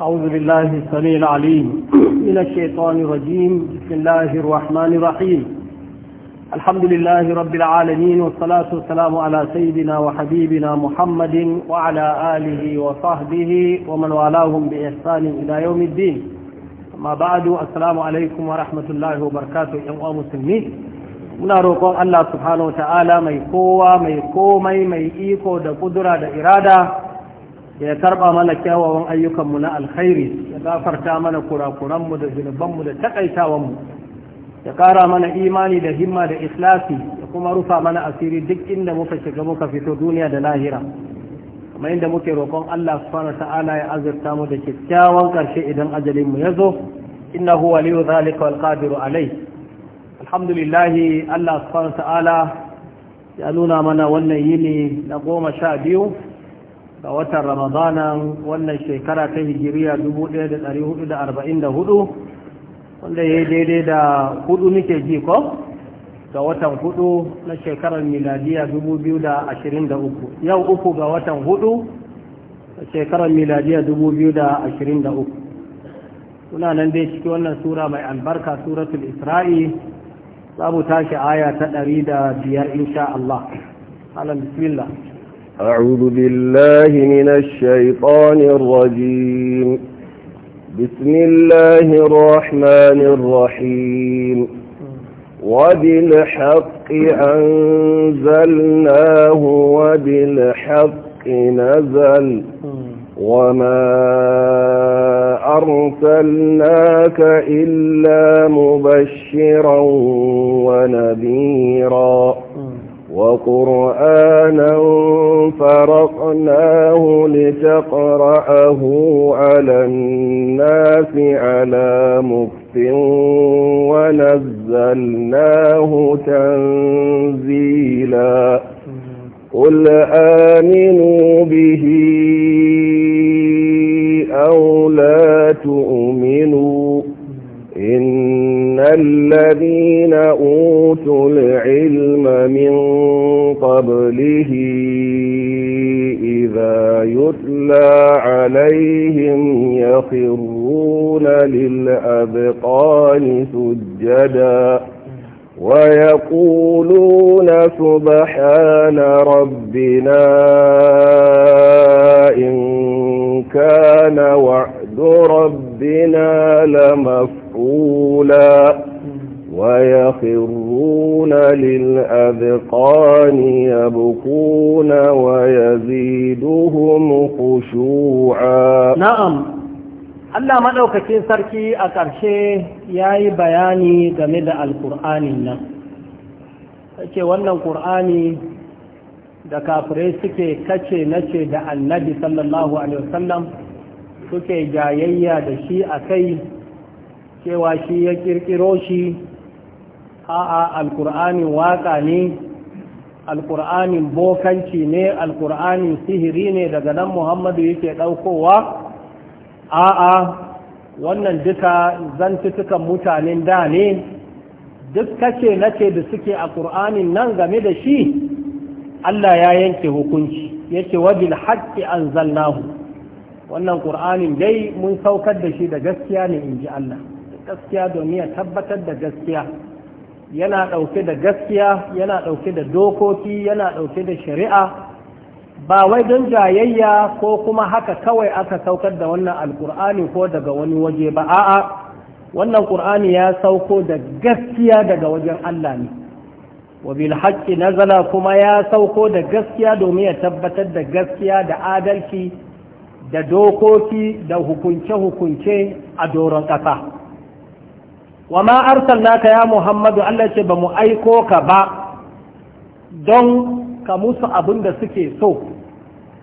أعوذ بالله السميع العليم من الشيطان الرجيم بسم الله الرحمن الرحيم الحمد لله رب العالمين والصلاة والسلام على سيدنا وحبيبنا محمد وعلى آله وصحبه ومن والاهم بإحسان إلى يوم الدين أما بعد السلام عليكم ورحمة الله وبركاته يا مسلمين muna roƙon Allah subhanahu wa ta'ala mai kowa mai komai mai iko da kudura da irada da ya karba mana kyawawan ayyukanmu na alkhairi ya gafarta mana kurakuranmu da zunubanmu da takaitawanmu ya kara mana imani da himma da islasi ya kuma rufa mana asiri duk inda muka shiga muka fito duniya da lahira kamar inda muke roƙon Allah subhanahu ta'ala ya azurta mu da kyakkyawan karshe idan ajalin mu yazo innahu waliyu zalika wal qadiru alai alhamdulillah Allah subhanahu ta'ala ya nuna mana wannan yini na goma sha biyu ga watan ramadana wannan shekara ta hijiriya 1444 wanda ya yi daidai da hudu nike ji ko ga watan hudu na shekarar miladiya 2023 yau uku ga watan hudu na shekarar miladiya 2023 suna nan dai ciki wannan sura mai albarka suratul isra'i za mu tashi aya ta ɗari da biyar insha Allah. alhamdulillah. أعوذ بالله من الشيطان الرجيم بسم الله الرحمن الرحيم وبالحق أنزلناه وبالحق نزل وما أرسلناك إلا مبشرا ونذيرا وقرآنا فرقناه لتقرأه على الناس على مكف ونزلناه تنزيلا قل آمنوا به أو لا تؤمنوا إن الذين أوتوا العلم من قبله إذا يتلى عليهم يخرون للأبطال سجدا ويقولون سبحان ربنا إن كان وعد ربنا لمفعولا ويخرون للأذقان يبقون ويزيدهم خشوعا نعم Allah maɗaukacin sarki a ƙarshe ya yi bayani game da alƙur'anin nan ce wannan ƙur'ani da kafirai suke kace nace da annabi sallallahu alaihi wasallam suke jayayya da shi a kai cewa shi ya ƙirƙiro shi a'a alkur'anin waka ne alkur'anin bokanci ne alkur'anin sihiri ne daga nan muhammadu yake ɗaukowa a'a wannan duka zantutukan mutanen da ne duk kace nace da suke a ƙur'anin nan game da shi Allah ya yanke hukunci yace wajil haqqi anzalnahu wannan ƙur'anin dai mun saukar da shi da gaskiya ne inji Allah gaskiya domin ya tabbatar da gaskiya yana ɗauke da gaskiya yana ɗauke da dokoki yana ɗauke da shari'a ba wai don jayayya ko kuma haka kawai aka saukar da wannan alkur'ani ko daga wani waje ba a'a wannan ƙur'ani ya sauko da gaskiya daga wajen Allah ne wa bil haqqi nazala kuma ya sauko da gaskiya domin ya tabbatar da gaskiya da adalci da dokoki da hukunce-hukunce a doron ƙasa wa ma naka, ya muhammadu Allah ce ba mu aiko ka ba don ka musu abin da suke so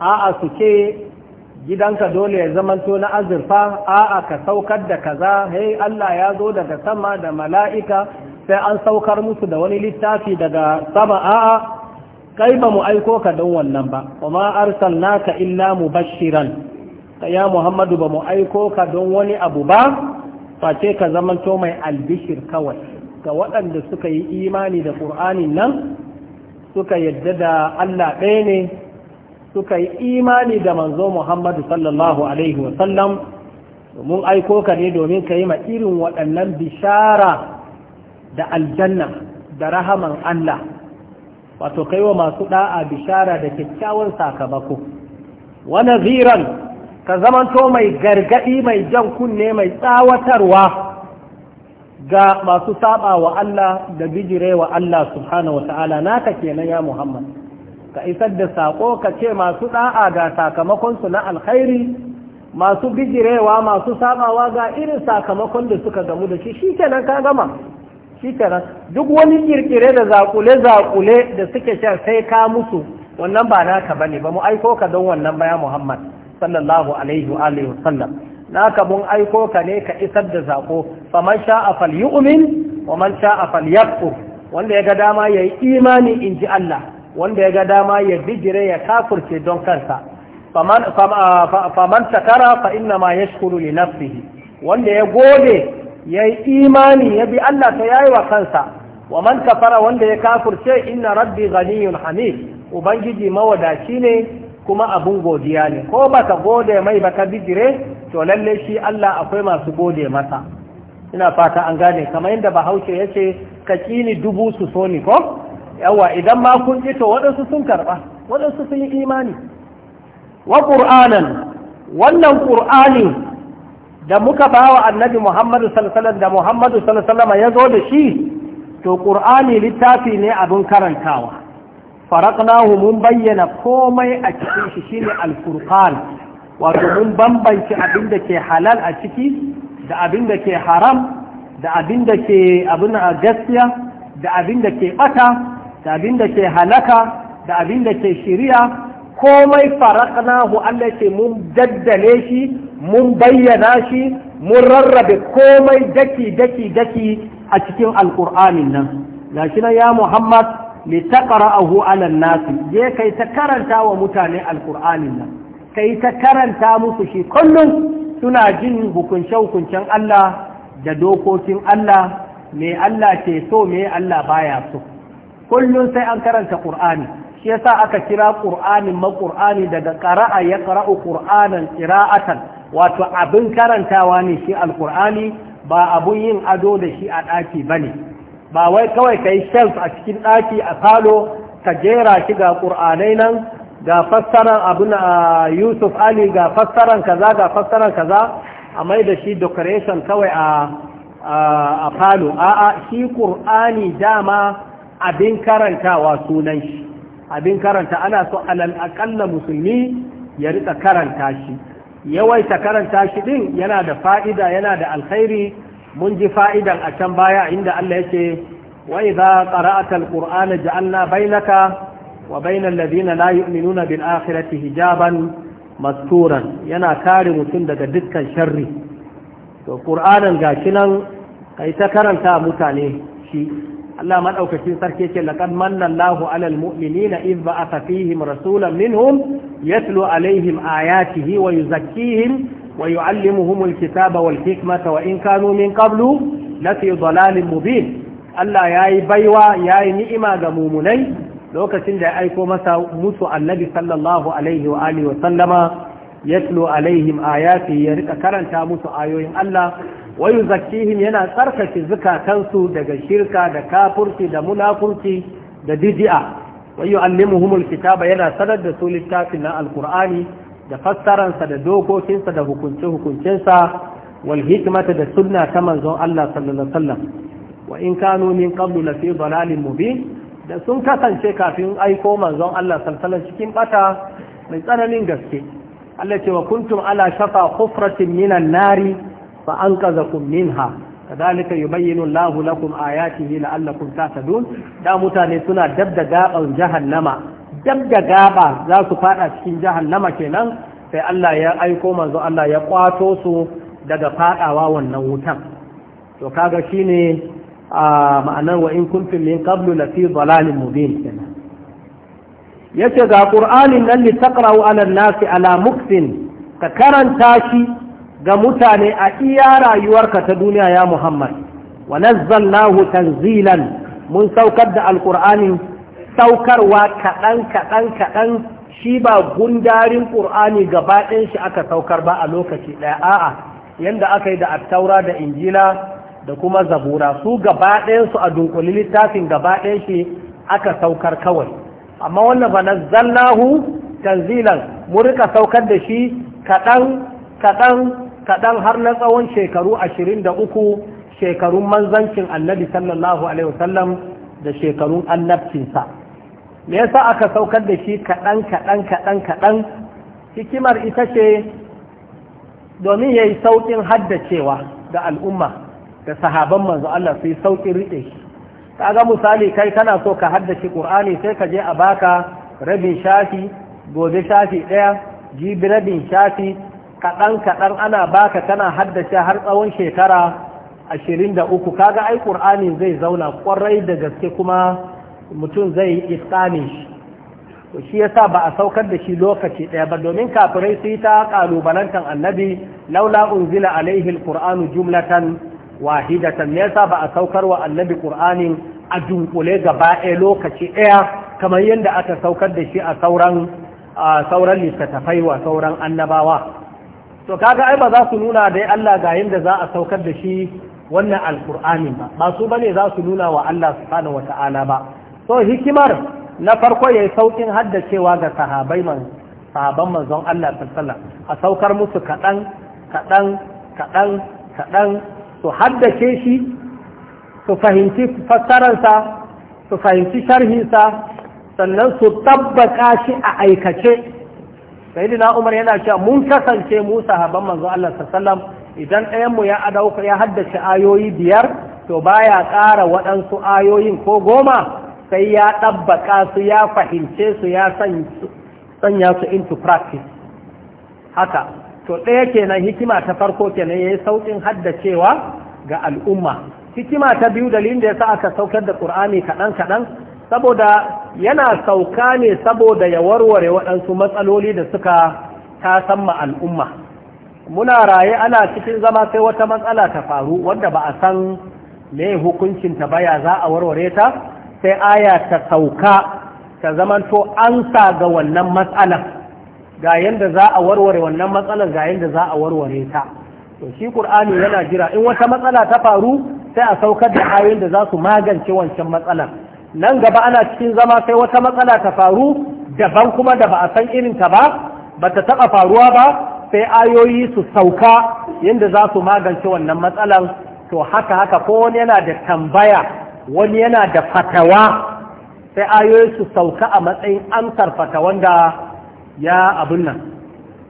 a'a suke gidanka dole ya zamanto na azurfa a'a ka saukar da kaza hey Allah ya zo daga sama da mala'ika sai an saukar musu da wani littafi daga sama a'a kai ba mu aiko ka don wannan ba wa ma kuma naka illa mubashiran ya Muhammadu ba mu aiko ka don wani abu ba face ka zamanto mai albishir kawai ga waɗanda suka yi imani da ƙur'anin nan suka yadda da Allah ɗaya ne suka yi imani da manzo Muhammadu sallallahu alaihi wasallam mun aiko ka ne domin ka yi ma irin waɗannan bishara da aljanna da rahaman Allah wato kai wa masu ɗa'a bishara da kyakkyawan sakamako wani ziran ka zamanto mai gargadi mai jan kunne mai tsawatarwa ga masu saba wa Allah da bijire wa Allah subhanahu wata'ala naka kenan ya Muhammad ka isar da sako ka ce masu da'a ga sakamakonsu na alkhairi masu bijirewa masu sabawa ga irin sakamakon da suka gamu da shi shi kenan ka gama shi kenan duk wani kirkire da zakule zakule da suke shan sai ka musu wannan ba naka bane ba mu aiko ka don wannan baya Muhammad sallallahu alaihi wa alihi wasallam naka mun aiko ka ne ka isar da zako. sako faman sha'a falyu'min wa man sha'a falyakfur wanda ya ga dama yayi imani in ji Allah wanda ya ga dama ya bijire ya kafurce don kansa faman shakara fa inna ma yashkuru li nafsihi wanda ya gode ya yi imani ya bi Allah ta yayi wa kansa wa man kafara wanda ya kafurce inna rabbi ghaniyun hamid ubangiji mawadaci ne kuma abun godiya ne ko baka gode mai baka bijire to lalle shi Allah akwai masu gode masa ina fata an gane kamar yadda bahaushe ya ce ka kini dubu su so ni ko yawa idan ma kun ji to waɗansu sun karɓa waɗansu sun yi imani wa qur'anan wannan ƙur'ani da muka ba wa annabi muhammadu sallallahu da muhammadu sallallahu ya zo da shi to ƙur'ani littafi ne abin karantawa faraqnahu mun bayyana komai a cikin shi shine al-furqan wato mun bambance abin da ke halal a ciki da abin da ke haram da abin da ke abin a gaskiya da abin da ke bata da abin da ke halaka da abin da ke shiriya komai faraqnahu Allah ce mun daddale shi mun bayyana shi mun rarrabe komai daki daki daki a cikin alkur'anin nan gashi na ya Muhammad litaqra'ahu 'ala an-nas je kai ta karanta wa mutane alqur'anin nan kai ta karanta musu shi kullum suna jin hukunce hukuncen Allah da dokokin Allah me Allah ke so me Allah baya so kullum sai an karanta qur'ani shi yasa aka kira qur'anin maƙur'ani daga qara'a ya qara'u qur'anan qira'atan wato abin karantawa ne shi alqur'ani ba abun yin ado da shi a ɗaki bane ba wai kawai ka yi shelf a cikin ɗaki a falo ka jera shi ga ƙur'anai nan ga fassaran abu na yusuf ali ga fassaran kaza ga fassaran kaza a mai da shi decoration kawai a a falo a'a shi ƙur'ani dama abin karantawa sunan shi abin karanta ana so alal aƙalla musulmi ya rika karanta shi yawaita karanta shi ɗin yana da fa'ida yana da alkhairi mun ji fa'idan a can baya inda Allah yake wai za ƙara'ata al'ur'ana ja'alna bainaka wa bainan lazina la yu'minuna bil akhirati hijaban masturan yana kare mutum daga dukkan sharri to ƙur'anin gashinan nan kai ta karanta mutane shi Allah maɗaukacin sarki ce laƙad manna lahu alal mu'minina in ba'atha fihim rasulan minhum yatlu alaihim ayatihi wa yuzakkihim ويعلمهم الكتاب والحكمة وإن كانوا من قبل لفي ضلال مبين Allah ya yi baiwa ya yi ni'ima ga mumunai lokacin da ya aiko masa musu annabi sallallahu alaihi wa alihi wa sallama yatlu alaihim ayati ya rika karanta musu ayoyin Allah wa yuzakkihim yana tsarkake zukatansu daga shirka da kafurci da munafurci da bid'a wa yu'allimuhumul kitaba yana sanar da su littafin na alqur'ani da fassararsa da dokokinsa da hukunce-hukuncensa wal hikmata da sunna ta manzon Allah sallallahu alaihi wa in kanu min qablu la fi dalalin mubin da sun kasance kafin aiko manzon Allah sallallahu cikin bata mai tsananin gaske Allah ce wa kuntum ala shafa hufratin minan nari fa anqazakum minha kadhalika yubayyinu Allahu lakum ayatihi la'allakum tahtadun da mutane suna dabda gaban jahannama dab da gaba za su fada cikin jahannama kenan sai Allah ya aiko manzo Allah ya kwato su daga fadawa wannan wutan to kaga shine a ma'anar wa in kuntum min qablu la fi dhalalin mubin kenan yace ga qur'anin nan li taqra'u 'ala an-nasi 'ala ka karanta shi ga mutane a iya rayuwarka ta duniya ya Muhammad wa nazzalnahu tanzilan mun saukar da alqur'anin saukarwa kaɗan kaɗan kaɗan shi ba gundarin ƙur'ani gaba shi aka saukar ba a lokaci ɗaya a'a yadda aka yi da attaura da injila da kuma zabura su gaba su a dunkuli littafin gaba shi aka saukar kawai amma wannan ba na zallahu tanzilan mu rika saukar da shi kaɗan kaɗan kaɗan har na tsawon shekaru ashirin da uku shekarun manzancin annabi sallallahu alaihi wasallam da shekarun annabcinsa me yasa aka saukar da shi kaɗan kaɗan kaɗan kaɗan hikimar ita ce domin ya yi sauƙin haddacewa da al'umma da sahaban manzo Allah su yi sauƙin riƙe shi kaga misali kai kana so ka haddace ƙur'ani sai ka je a baka rabin shafi gobe shafi ɗaya jibi rabin shafi kaɗan kaɗan ana baka kana haddace har tsawon shekara ashirin da uku kaga ai ƙur'ani zai zauna ƙwarai da gaske kuma mutum zai yi iskamin shi ya sa ba a saukar da shi lokaci ɗaya ba domin kafirai su yi ta ƙalubalantar annabi laula unzila alaihi alqur'anu jumlatan wahidatan me yasa ba a saukar wa annabi ƙur'anin a dunkule gaba ɗaya lokaci ɗaya kamar yadda aka saukar da shi a sauran sauran littattafai wa sauran annabawa to kaga ai ba za su nuna dai Allah ga yadda za a saukar da shi wannan Alkur'ani ba ba su bane za su nuna wa Allah subhanahu wata'ala ba so hikimar na farko yi saukin haddacewa ga sahabai man sahaban manzon Allah sallallahu a saukar musu kaɗan kaɗan kaɗan kaɗan su haddace shi su fahimci fassararsa su fahimci sharhinsa sannan su tabbaka shi a aikace sayyidina umar yana cewa mun kasance mu sahaban manzon Allah sallallahu idan ɗayan mu ya adauka ya haddace ayoyi biyar to baya ƙara waɗansu ayoyin ko goma sai ya ɗabbaƙa su ya fahimce su ya sanya su into practice haka to ɗaya kenan hikima ta farko kenan ya yi sauƙin haddacewa ga al'umma hikima ta biyu dalilin da ya sa aka saukar da ƙur'ani kaɗan-kaɗan saboda yana sauka ne saboda ya warware waɗansu matsaloli da suka ta ma al'umma muna raye ana cikin zama sai wata matsala ta faru wanda ba a san me hukuncinta ba ya za a warware ta sai aya ta sauka ta zamanto an sa ga wannan matsalar ga yadda za a warware wannan matsalar ga yadda za a warware ta to shi ƙur'ani yana jira in wata matsala ta faru sai a saukar da ayoyin da za su magance wancan matsalar nan gaba ana cikin zama sai wata matsala ta faru daban kuma da ba a san irin ta ba ba ta taɓa faruwa ba sai ayoyi su sauka yadda za su magance wannan matsalar to haka haka ko wani yana da tambaya wani yana da fatawa sai ayoyi su sauka a matsayin amsar fatawan da ya abin nan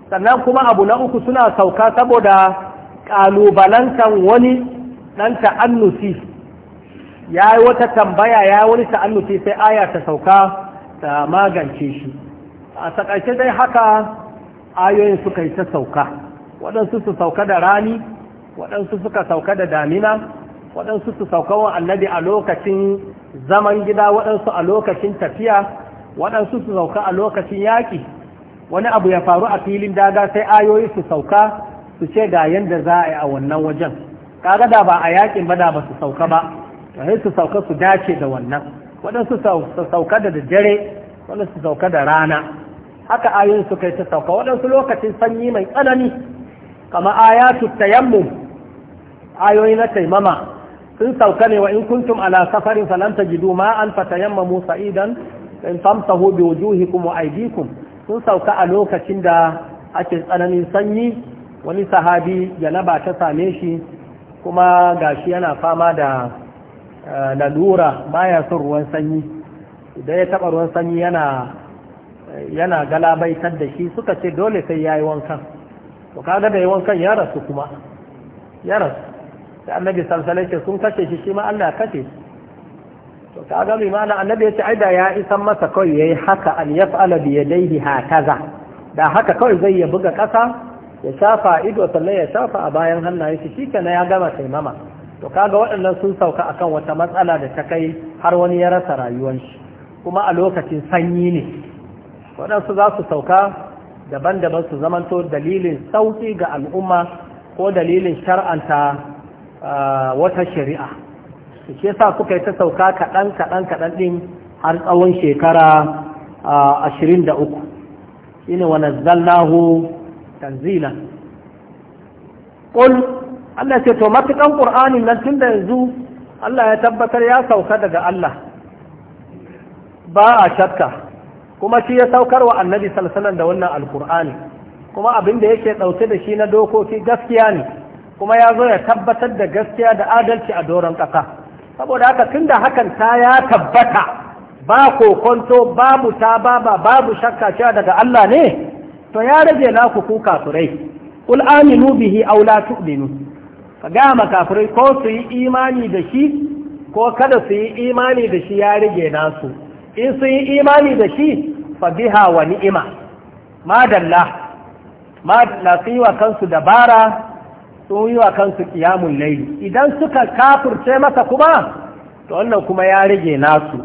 sannan kuma abu na uku suna sauka saboda ƙalubalantan wani ɗan ta'annusi ya yi wata tambaya ya yi wani ta'annusi sai aya ta sauka ta magance shi a takaice dai haka ayoyin suka yi ta sauka waɗansu su sauka da rani waɗansu suka sauka da damina waɗansu su saukawan annabi a lokacin zaman gida waɗansu a lokacin tafiya waɗansu su sauka a lokacin yaƙi wani abu ya faru a filin daga sai ayoyi su sauka su ce ga yadda za a yi a wannan wajen kaga da ba a yaƙin ba da ba su sauka ba Wani su sauka su dace da wannan waɗansu su sauka da dare waɗansu su sauka da rana haka ayoyin su kai ta sauka waɗansu lokacin sanyi mai tsanani kama ayatu tayammum ayoyi na taimama sun sauka ne wa in kuntum ala safarin falan tajidu ma an fatayammamu sa'idan in tamtahu bi wujuhikum wa aydikum sun sauka a lokacin da ake tsananin sanyi wani sahabi ya naba ta same shi kuma gashi yana fama da eh, lalura baya son ruwan sanyi idan ya taba ruwan sanyi yana yana galabaitar da shi suka ce dole sai yayi wankan to kaga da yayi wankan ya rasu kuma ya rasu sai annabi salsalai ce sun kashe shi shi ma Allah kashe to ka ga limana annabi ya ce ai da ya isan masa kawai yayi haka an fa'ala bi yadaihi hakaza da haka kawai zai ya buga ƙasa ya shafa ido sannan ya shafa a bayan hannaye shi na ya gama taimama to kaga waɗannan sun sauka akan wata matsala da ta kai har wani ya rasa rayuwar shi kuma a lokacin sanyi ne waɗansu za su sauka daban-daban su zamanto dalilin sauƙi ga al'umma ko dalilin shar'anta wata shari'a shi yasa kuka yi ta sauka kaɗan kaɗan kaɗan ɗin har tsawon shekara ashirin da uku shi ne wani zallahu tanzila ƙul Allah ce to matukan ƙur'ani nan tun da yanzu Allah ya tabbatar ya sauka daga Allah ba a shakka kuma shi ya saukar wa annabi salsalan da wannan alkur'ani kuma abin da yake ɗauke da shi na dokoki gaskiya ne kuma ya zo ya tabbatar da gaskiya da adalci a doron ƙasa saboda haka tun da hakan ta ya tabbata ba kokonto babu ta baba babu shakka cewa daga Allah ne to ya rage naku ku kafirai qul aminu bihi aw la tu'minu ka ga kafirai ko su yi imani da shi ko kada su yi imani da shi ya rage nasu in su yi imani da shi fa biha wa ni'ima madalla ma nasiwa kansu dabara sun yi wa kansu kiyamun laili idan suka kafurce masa kuma to wannan kuma ya rage nasu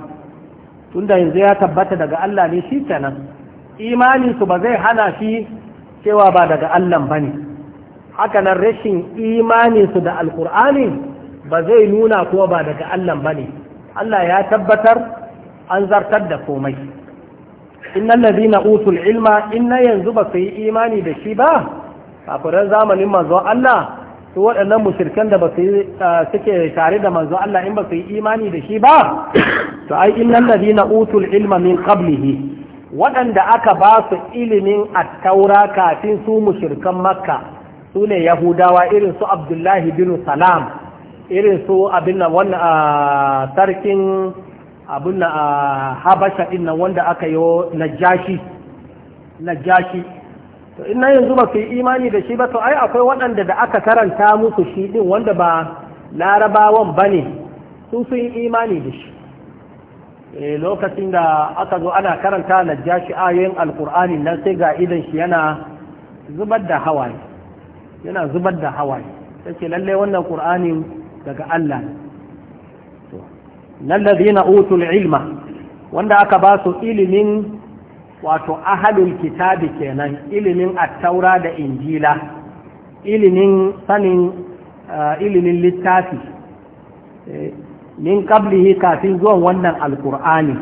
tunda yanzu ya tabbata daga Allah ne shi kenan imaninsu ba zai hana shi cewa ba daga Allah ba ne nan rashin imaninsu da alkur'ani ba zai nuna kuma ba daga Allah ba ne Allah ya tabbatar an zartar da komai Inna ladina utul ilma inna yanzu ba su yi imani da shi ba kafiran zamanin manzo Allah su waɗannan mushirkan da ba su ah, suke tare da manzo Allah in ba su yi imani da shi ba to ai innal ladina utul ilma min qablihi waɗanda aka ba su ilimin taura kafin su mushirkan makka su ne yahudawa irin su abdullahi bin salam irin su abin wannan ah, sarkin abin ah, habasha din nan wanda aka yi najashi najashi to yanzu ba su yi imani da shi ba to ai akwai waɗanda da aka karanta musu shi din wanda ba larabawan ba ne su yi imani da shi eh, lokacin da aka zo ana karanta na jashi ayoyin alkur'ani nan sai ga idan shi yana zubar da hawaye yana zubar da hawaye sai lallai wannan kur'ani daga Allah nan ladina utul ilma wanda aka ba su ilimin wato ahalul kitabi kenan ilimin attaura da injila ilimin sanin eh, ilimin littafi eh, min qablihi kafin zuwan wannan alqur'ani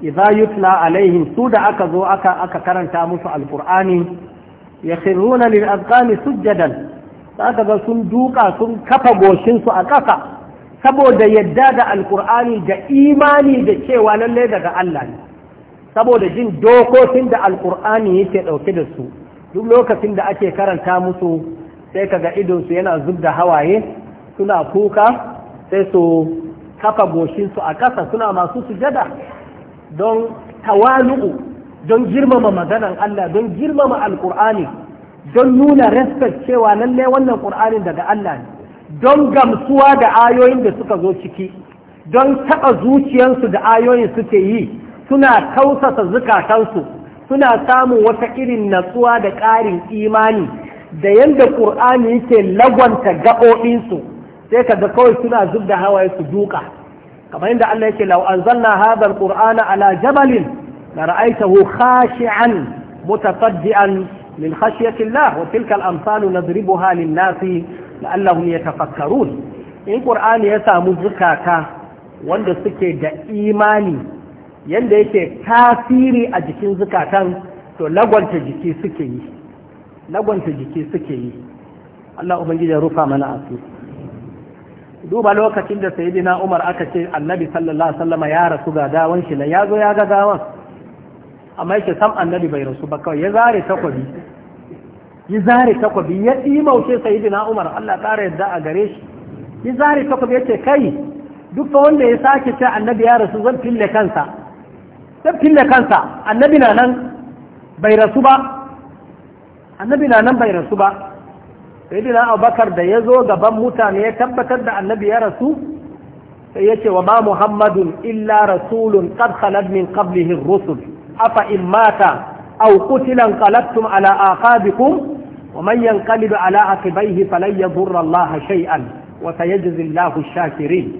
idza yutla alaihim su da aka zo aka aka karanta musu alqur'ani yakhruna lil azqani sujjadan aka ga sun duka sun kafa goshin su a ƙasa saboda yadda da alqur'ani da imani da cewa lalle daga Allah ne saboda jin dokokin da alkur'ani yake ɗauke da su duk lokacin da ake karanta musu sai kaga idonsu yana zub da hawaye suna kuka sai su kafa goshinsu a ƙasa suna masu sujada don tawalu'u don girmama maganan Allah don girmama alkur'ani don nuna respect cewa lalle wannan ƙur'anin daga Allah ne don gamsuwa da ayoyin da suka zo ciki don taɓa zuciyarsu da ayoyin suke yi suna kausasa zukatansu suna samun wata irin natsuwa da ƙarin imani da yadda ƙur'ani yake lagwanta gaɓoɓinsu sai ka ga kawai suna zub da hawaye su duka kamar yadda Allah yake lau an zanna hadar ƙur'ana ala jabalin na ra'aitahu khashi'an mutasaddian min khashiyatillah wa tilka al-amsalu nadribuha lin-nasi la'allahum yatafakkarun in ƙur'ani ya samu zukata wanda suke da imani yanda yake tasiri a jikin zukatan to lagwanta jiki suke yi lagwanta jiki suke yi Allah ubangiji ya rufa mana asu duba lokacin da sayyidina Umar aka ce Annabi sallallahu alaihi wasallam ya rasu ga dawon shi ya zo ya ga gawan amma yake sam Annabi bai rasu ba kawai ya zare takobi ya zare takobi ya dimauce sayyidina Umar Allah ƙara yadda a gare shi ya zare takobi yace kai duk wanda ya sake ce Annabi ya rasu zan fille kansa sai da kansa annabi na nan bai rasu ba annabi na nan bai rasu ba sai dina abubakar da ya zo gaban mutane ya tabbatar da annabi ya rasu sai ya ce wa ma muhammadun illa rasulun qad khalat min qablihi rusul afa in mata aw qutila qalabtum ala aqabikum wa man yanqalib ala aqibaihi falan yadhurra Allah shay'an wa sayajzi Allahu ash-shakirin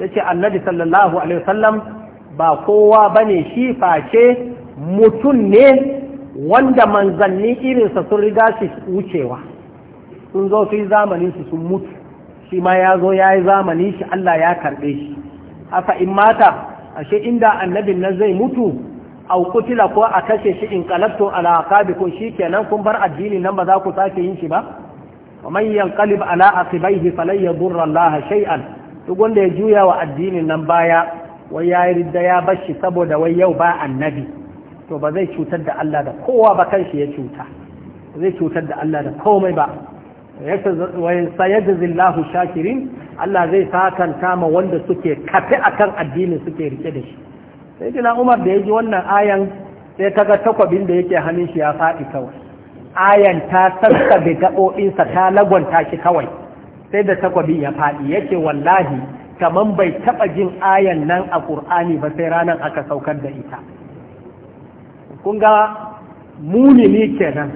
yace annabi sallallahu alaihi wasallam ba kowa ba ne shi face mutum ne wanda manzanni irinsa sun riga shi wucewa sun zo su yi zamanin su sun mutu shi ma ya zo ya yi zamanin shi Allah ya karɓe shi haka in mata ashe inda annabin nan zai mutu au kutila ko a kashe shi in qalabtu ala shi shikenan kun bar addini nan ba za ku sake yin shi ba wa man yanqalib ala aqibaihi falan yadurra Allah shay'an duk wanda ya juya wa addinin nan baya wai ya yi ridda ya bashi saboda wai yau ba annabi to ba zai cutar da Allah da kowa ba kanshi ya cuta zai cutar da Allah da komai ba wai Zillahu shakirin Allah zai sakanta ma wanda suke kafe akan addinin suke rike da shi sai dina Umar da ya ji wannan ayan sai kaga takwabin da yake hannun shi ya faɗi kawai ayan ta sassabe gaɓoɓinsa ta lagwanta shi kawai sai da takwabin ya faɗi yake wallahi kaman bai taɓa jin ayan nan a ƙur'ani ba sai ranar aka saukar da ita kun ga munini kenan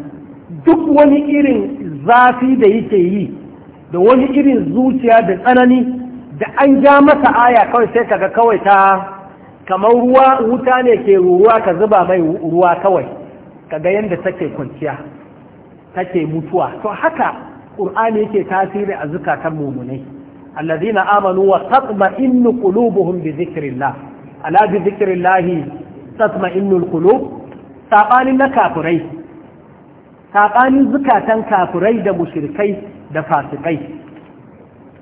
duk wani irin zafi da yake yi da wani irin zuciya da tsanani da an ja masa aya kawai sai kaga kawai ta kamar ruwa wuta ne ke ruwa ka zuba mai ruwa kawai kaga yadda take kwanciya take mutuwa to haka ƙur'ani yake tasiri a zukatan mummunai alladhina amanu wa tatma'innu qulubuhum bi dhikrillah ala bi dhikrillah tatma'innul qulub sabanin na kafirai sabanin zukatan kafirai da mushirikai da fasikai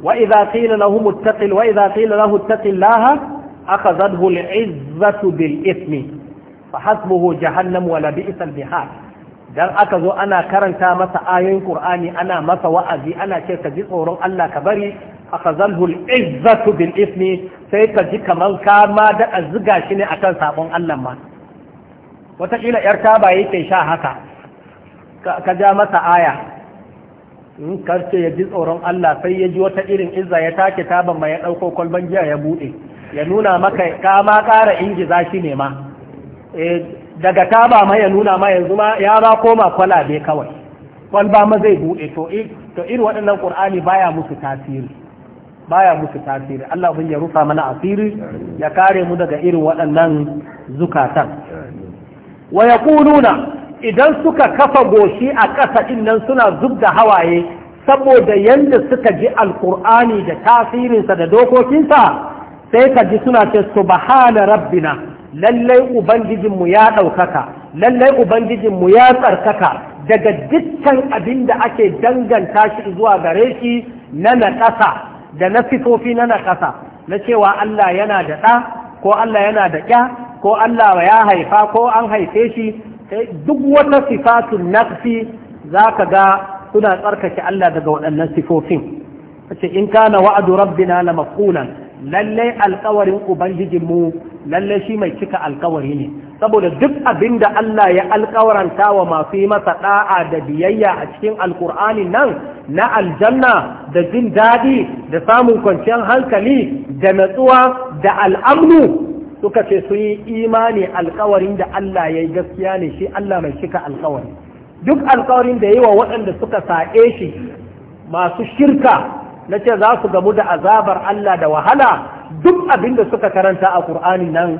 wa idza qila lahum ittaqil wa idza qila lahu ittaqillaha akhadhathu fa dan aka zo ana karanta masa ayoyin qur'ani ana masa wa'azi ana ce ka ji tsoron Allah ka bari akhazalhu al-izzatu bil ismi sai ka ji kaman ka ma da azuga shi ne akan sabon Allah ma wata kila yar taba yake sha haka ka ja masa aya in karce ya ji tsoron Allah sai ya ji wata irin izza ya take taban mai ya dauko kwalban jiya ya bude ya nuna maka ka ma kara ingiza shi ne ma daga taba ma ya nuna ma yanzu ma ya ba koma kwalabe kawai kwalba ma zai bude to to irin waɗannan ƙur'ani baya musu tasiri baya musu tasiri Allah bin ya rufa mana asiri ya kare mu daga irin waɗannan zukatan wa yaquluna idan suka kafa goshi a ƙasa din nan suna zub da hawaye saboda yanda suka ji alkur'ani da tasirinsa da dokokinsa sai ka ji suna ce subhana rabbina lallai ubangijinmu ya ɗaukaka lallai ubangijinmu ya tsarkaka daga dukkan abin da ake danganta shi zuwa gare shi na naƙasa da na sifofi na nakasa na cewa Allah yana da ɗa ko Allah yana da ƙya ko Allah ya haifa ko an haife shi duk wata sifatun naqsi za ka ga suna tsarkake Allah daga waɗannan sifofin ce in kana wa'adu rabbina la maqulan lallai alkawarin ubangijinmu lallai shi mai cika alkawari ne saboda duk abin da Allah ya alkawaranta wa masu yi masa ɗa'a da biyayya a cikin alkur'ani nan na aljanna da jin daɗi da samun kwanciyar hankali da natsuwa da al'amnu suka ce su yi imani alkawarin da Allah ya yi gaskiya ne shi Allah mai cika alkawari duk alkawarin da yi wa waɗanda suka saƙe shi masu shirka na ce za su gamu da azabar Allah da wahala duk abin da suka karanta a Kur'ani nan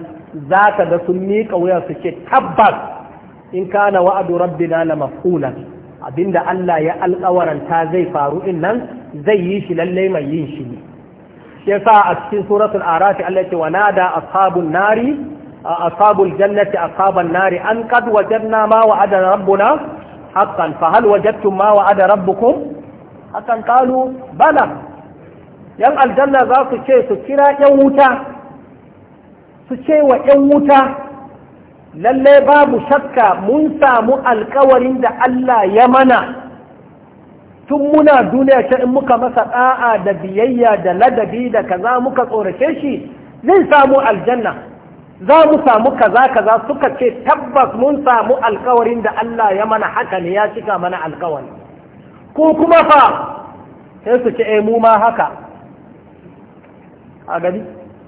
za ka ga sun miƙa wuya su ce tabbas in kana wa'adu rabbina na maf'ulan abinda Allah ya alƙawaranta zai faru in nan zai yi shi lalle mai yin shi ne shi yasa a cikin suratul arafi Allah ya ce wanada ashabun nari ashabul jannati ashaban nari an qad wajanna ma wa'ada rabbuna haqqan fa hal wajadtum ma wa'ada rabbukum akan kalu bala yan aljanna za su ce su kira yan wuta su ce wa yan wuta lalle babu shakka mun samu alkawarin da Allah ya mana tun muna duniya ce in muka masa da'a da biyayya da ladabi da kaza muka tsorace shi zai samu aljanna za mu samu kaza kaza suka ce tabbas mun samu alkawarin da Allah ya mana haka ne ya cika mana alkawari ko kuma fa sai su ce eh, mu ma haka a gani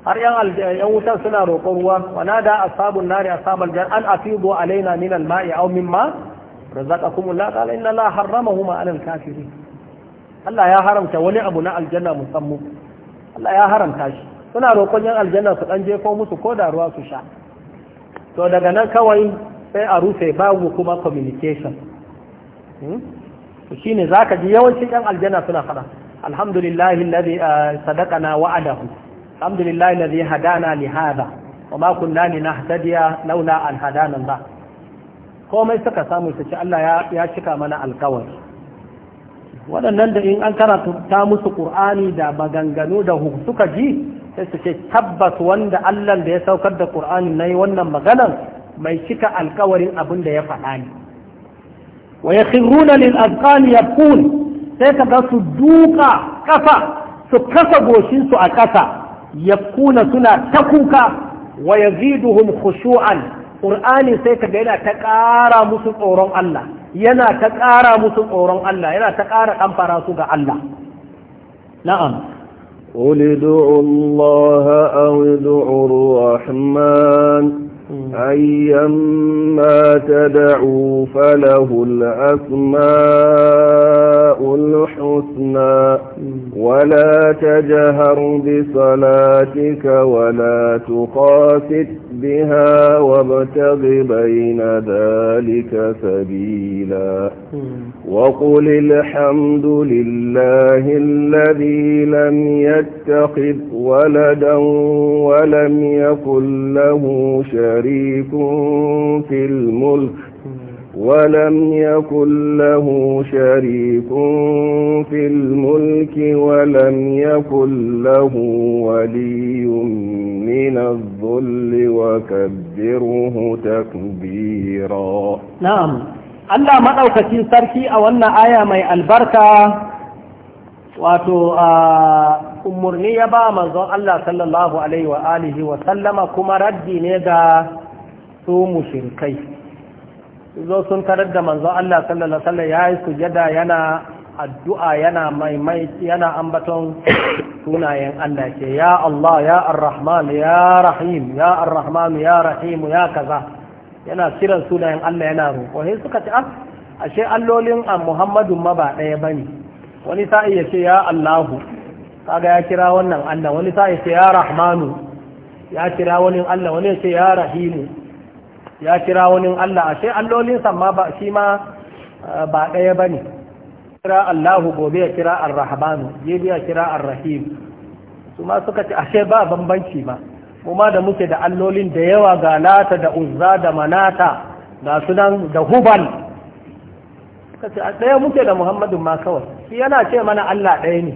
har yan wutan suna roƙon ruwa wana da ashabun nari asabar jar an afidu alaina min alma'i aw mimma razaqakumullah qala inna la huma anan kafiri. Allah ya haramta wani abu na aljanna musamman Allah ya haramta shi suna roƙon yan aljanna su dan jefo musu ko da ruwa su sha to daga nan kawai sai a rufe babu kuma communication hmm? to shine zaka ji yawancin yan aljanna suna fada alhamdulillahi alladhi uh, sadaqana wa'adahu alhamdulillahi alladhi hadana li hadha wa ma kunna linahtadiya laula an hadana Allah komai suka samu su ci Allah ya cika mana alkawari waɗannan da in an ta musu ƙur'ani da maganganu da suka ji sai su ce tabbas wanda Allah da ya saukar da Kur'ani na yi wannan maganan mai cika alkawarin abin da ya faɗa ni. ويخرون للأذقان يبقون سيكذا صدوكا كفا سكسا بوشنسو أكسا يبقون سنا تكوكا ويزيدهم خشوعا قرآن سيكذا إلا تكارا مسل قرآن الله ينا تكارا مسل قرآن الله ينا تكارا أمبرا سوكا الله نعم قل دعوا الله أو دعوا الرحمن أيما تدعوا فله الأسماء الحسنى ولا تجهر بصلاتك ولا تقاسد بها وابتغ بين ذلك سبيلا وقل الحمد لله الذي لم يتخذ ولدا ولم يكن له شريك في الملك ولم يكن له شريك في الملك ولم يكن له ولي من الذل وكبره تكبيرا نعم Allah maɗaukacin sarki a wannan aya mai albarka wato a umarni ya ba manzon Allah sallallahu alaihi wa alihi wa sallama kuma raddi ne ga su mushrikai zo sun tarar da manzon Allah sallallahu alaihi wa sallam yayi sujada yana addu'a yana maimai yana ambaton sunayen Allah ke ya Allah ya Ar-Rahman ya Rahim ya Ar-Rahman ya Rahim ya kaza yana kiran sunayen Allah yana roƙo sai suka ce ah, ashe allolin a Muhammadu ma ba ɗaya bane wani sa'i ya ce ya Allahu kaga ya kira wannan Allah wani sa'i ya ce ya Rahmanu ya kira wani Allah wani ya ce ya Rahimu ya kira wani Allah ashe allolin sa ma ba shi ma eh, ba ɗaya bane kira Allahu gobe ya kira Ar-Rahmanu jibi ya kira Ar-Rahim su ma suka ce ashe ba bambanci ba mu da muke da allolin da yawa ga lata da uzza da manata ga sunan da hubal kace a ɗaya muke da muhammadu ma kawai shi yana ce mana allah ɗaya ne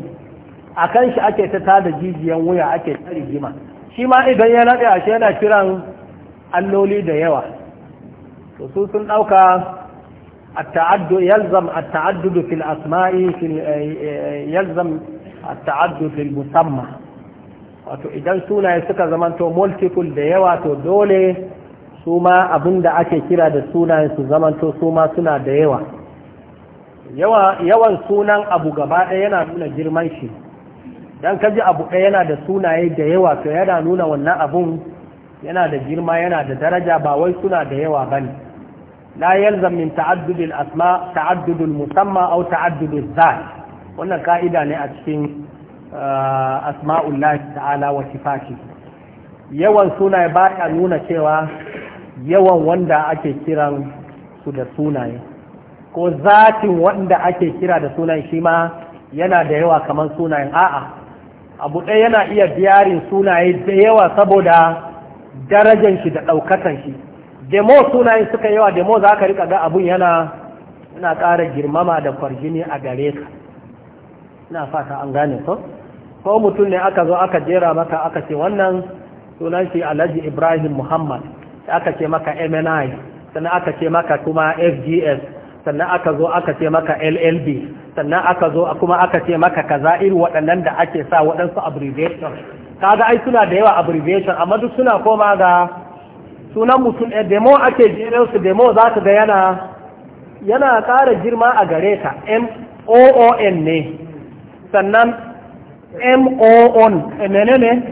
Akan kan shi ake ta tada jijiyan wuya ake ta rigima shi ma idan ya naɗe a yana kiran alloli da yawa to su sun ɗauka التعدد يلزم التعدد في الأسماء في يلزم التعدد في المسمى wato idan sunaye suka zamanto multiple da yawa to dole su ma abin da ake kira da sunayen su zamanto su ma suna da yawa yawan sunan abu gaba ɗaya yana nuna girman shi dan kaji abu ɗaya yana da sunaye da yawa to yana nuna wannan abun yana da girma yana da daraja ba wai suna da yawa ne la yalzam min ta'addudil asma ta'addudul musamma au ta'addudul zat wannan ka'ida ne a cikin asma'ullahi ta'ala wa sifati yawan sunaye ba ya nuna cewa yawan wanda ake kiran su da sunaye ko zatin wanda ake kira da sunaye shi ma yana da yawa kamar sunayen a'a abu ɗaya yana iya biyarin sunaye da yawa saboda darajan shi da ɗaukatan shi demo sunaye suka yawa demo za ka rika ga abun yana yana ƙara girmama da kwarjini a gare ka ina fata an gane ko ko mutum ne aka zo aka jera maka aka ce wannan sunan shi alhaji ibrahim muhammad aka ce maka mni sannan aka ce maka kuma fgs sannan aka zo aka ce maka llb sannan aka zo kuma aka ce maka kaza irin waɗannan da ake sa waɗansu abbreviation kaga ai suna da yawa abbreviation amma duk suna koma ga sunan mutum ɗaya demo ake jerin su demo za ka ga yana yana ƙara girma a gare ka m o o n ne sannan MON eh, menene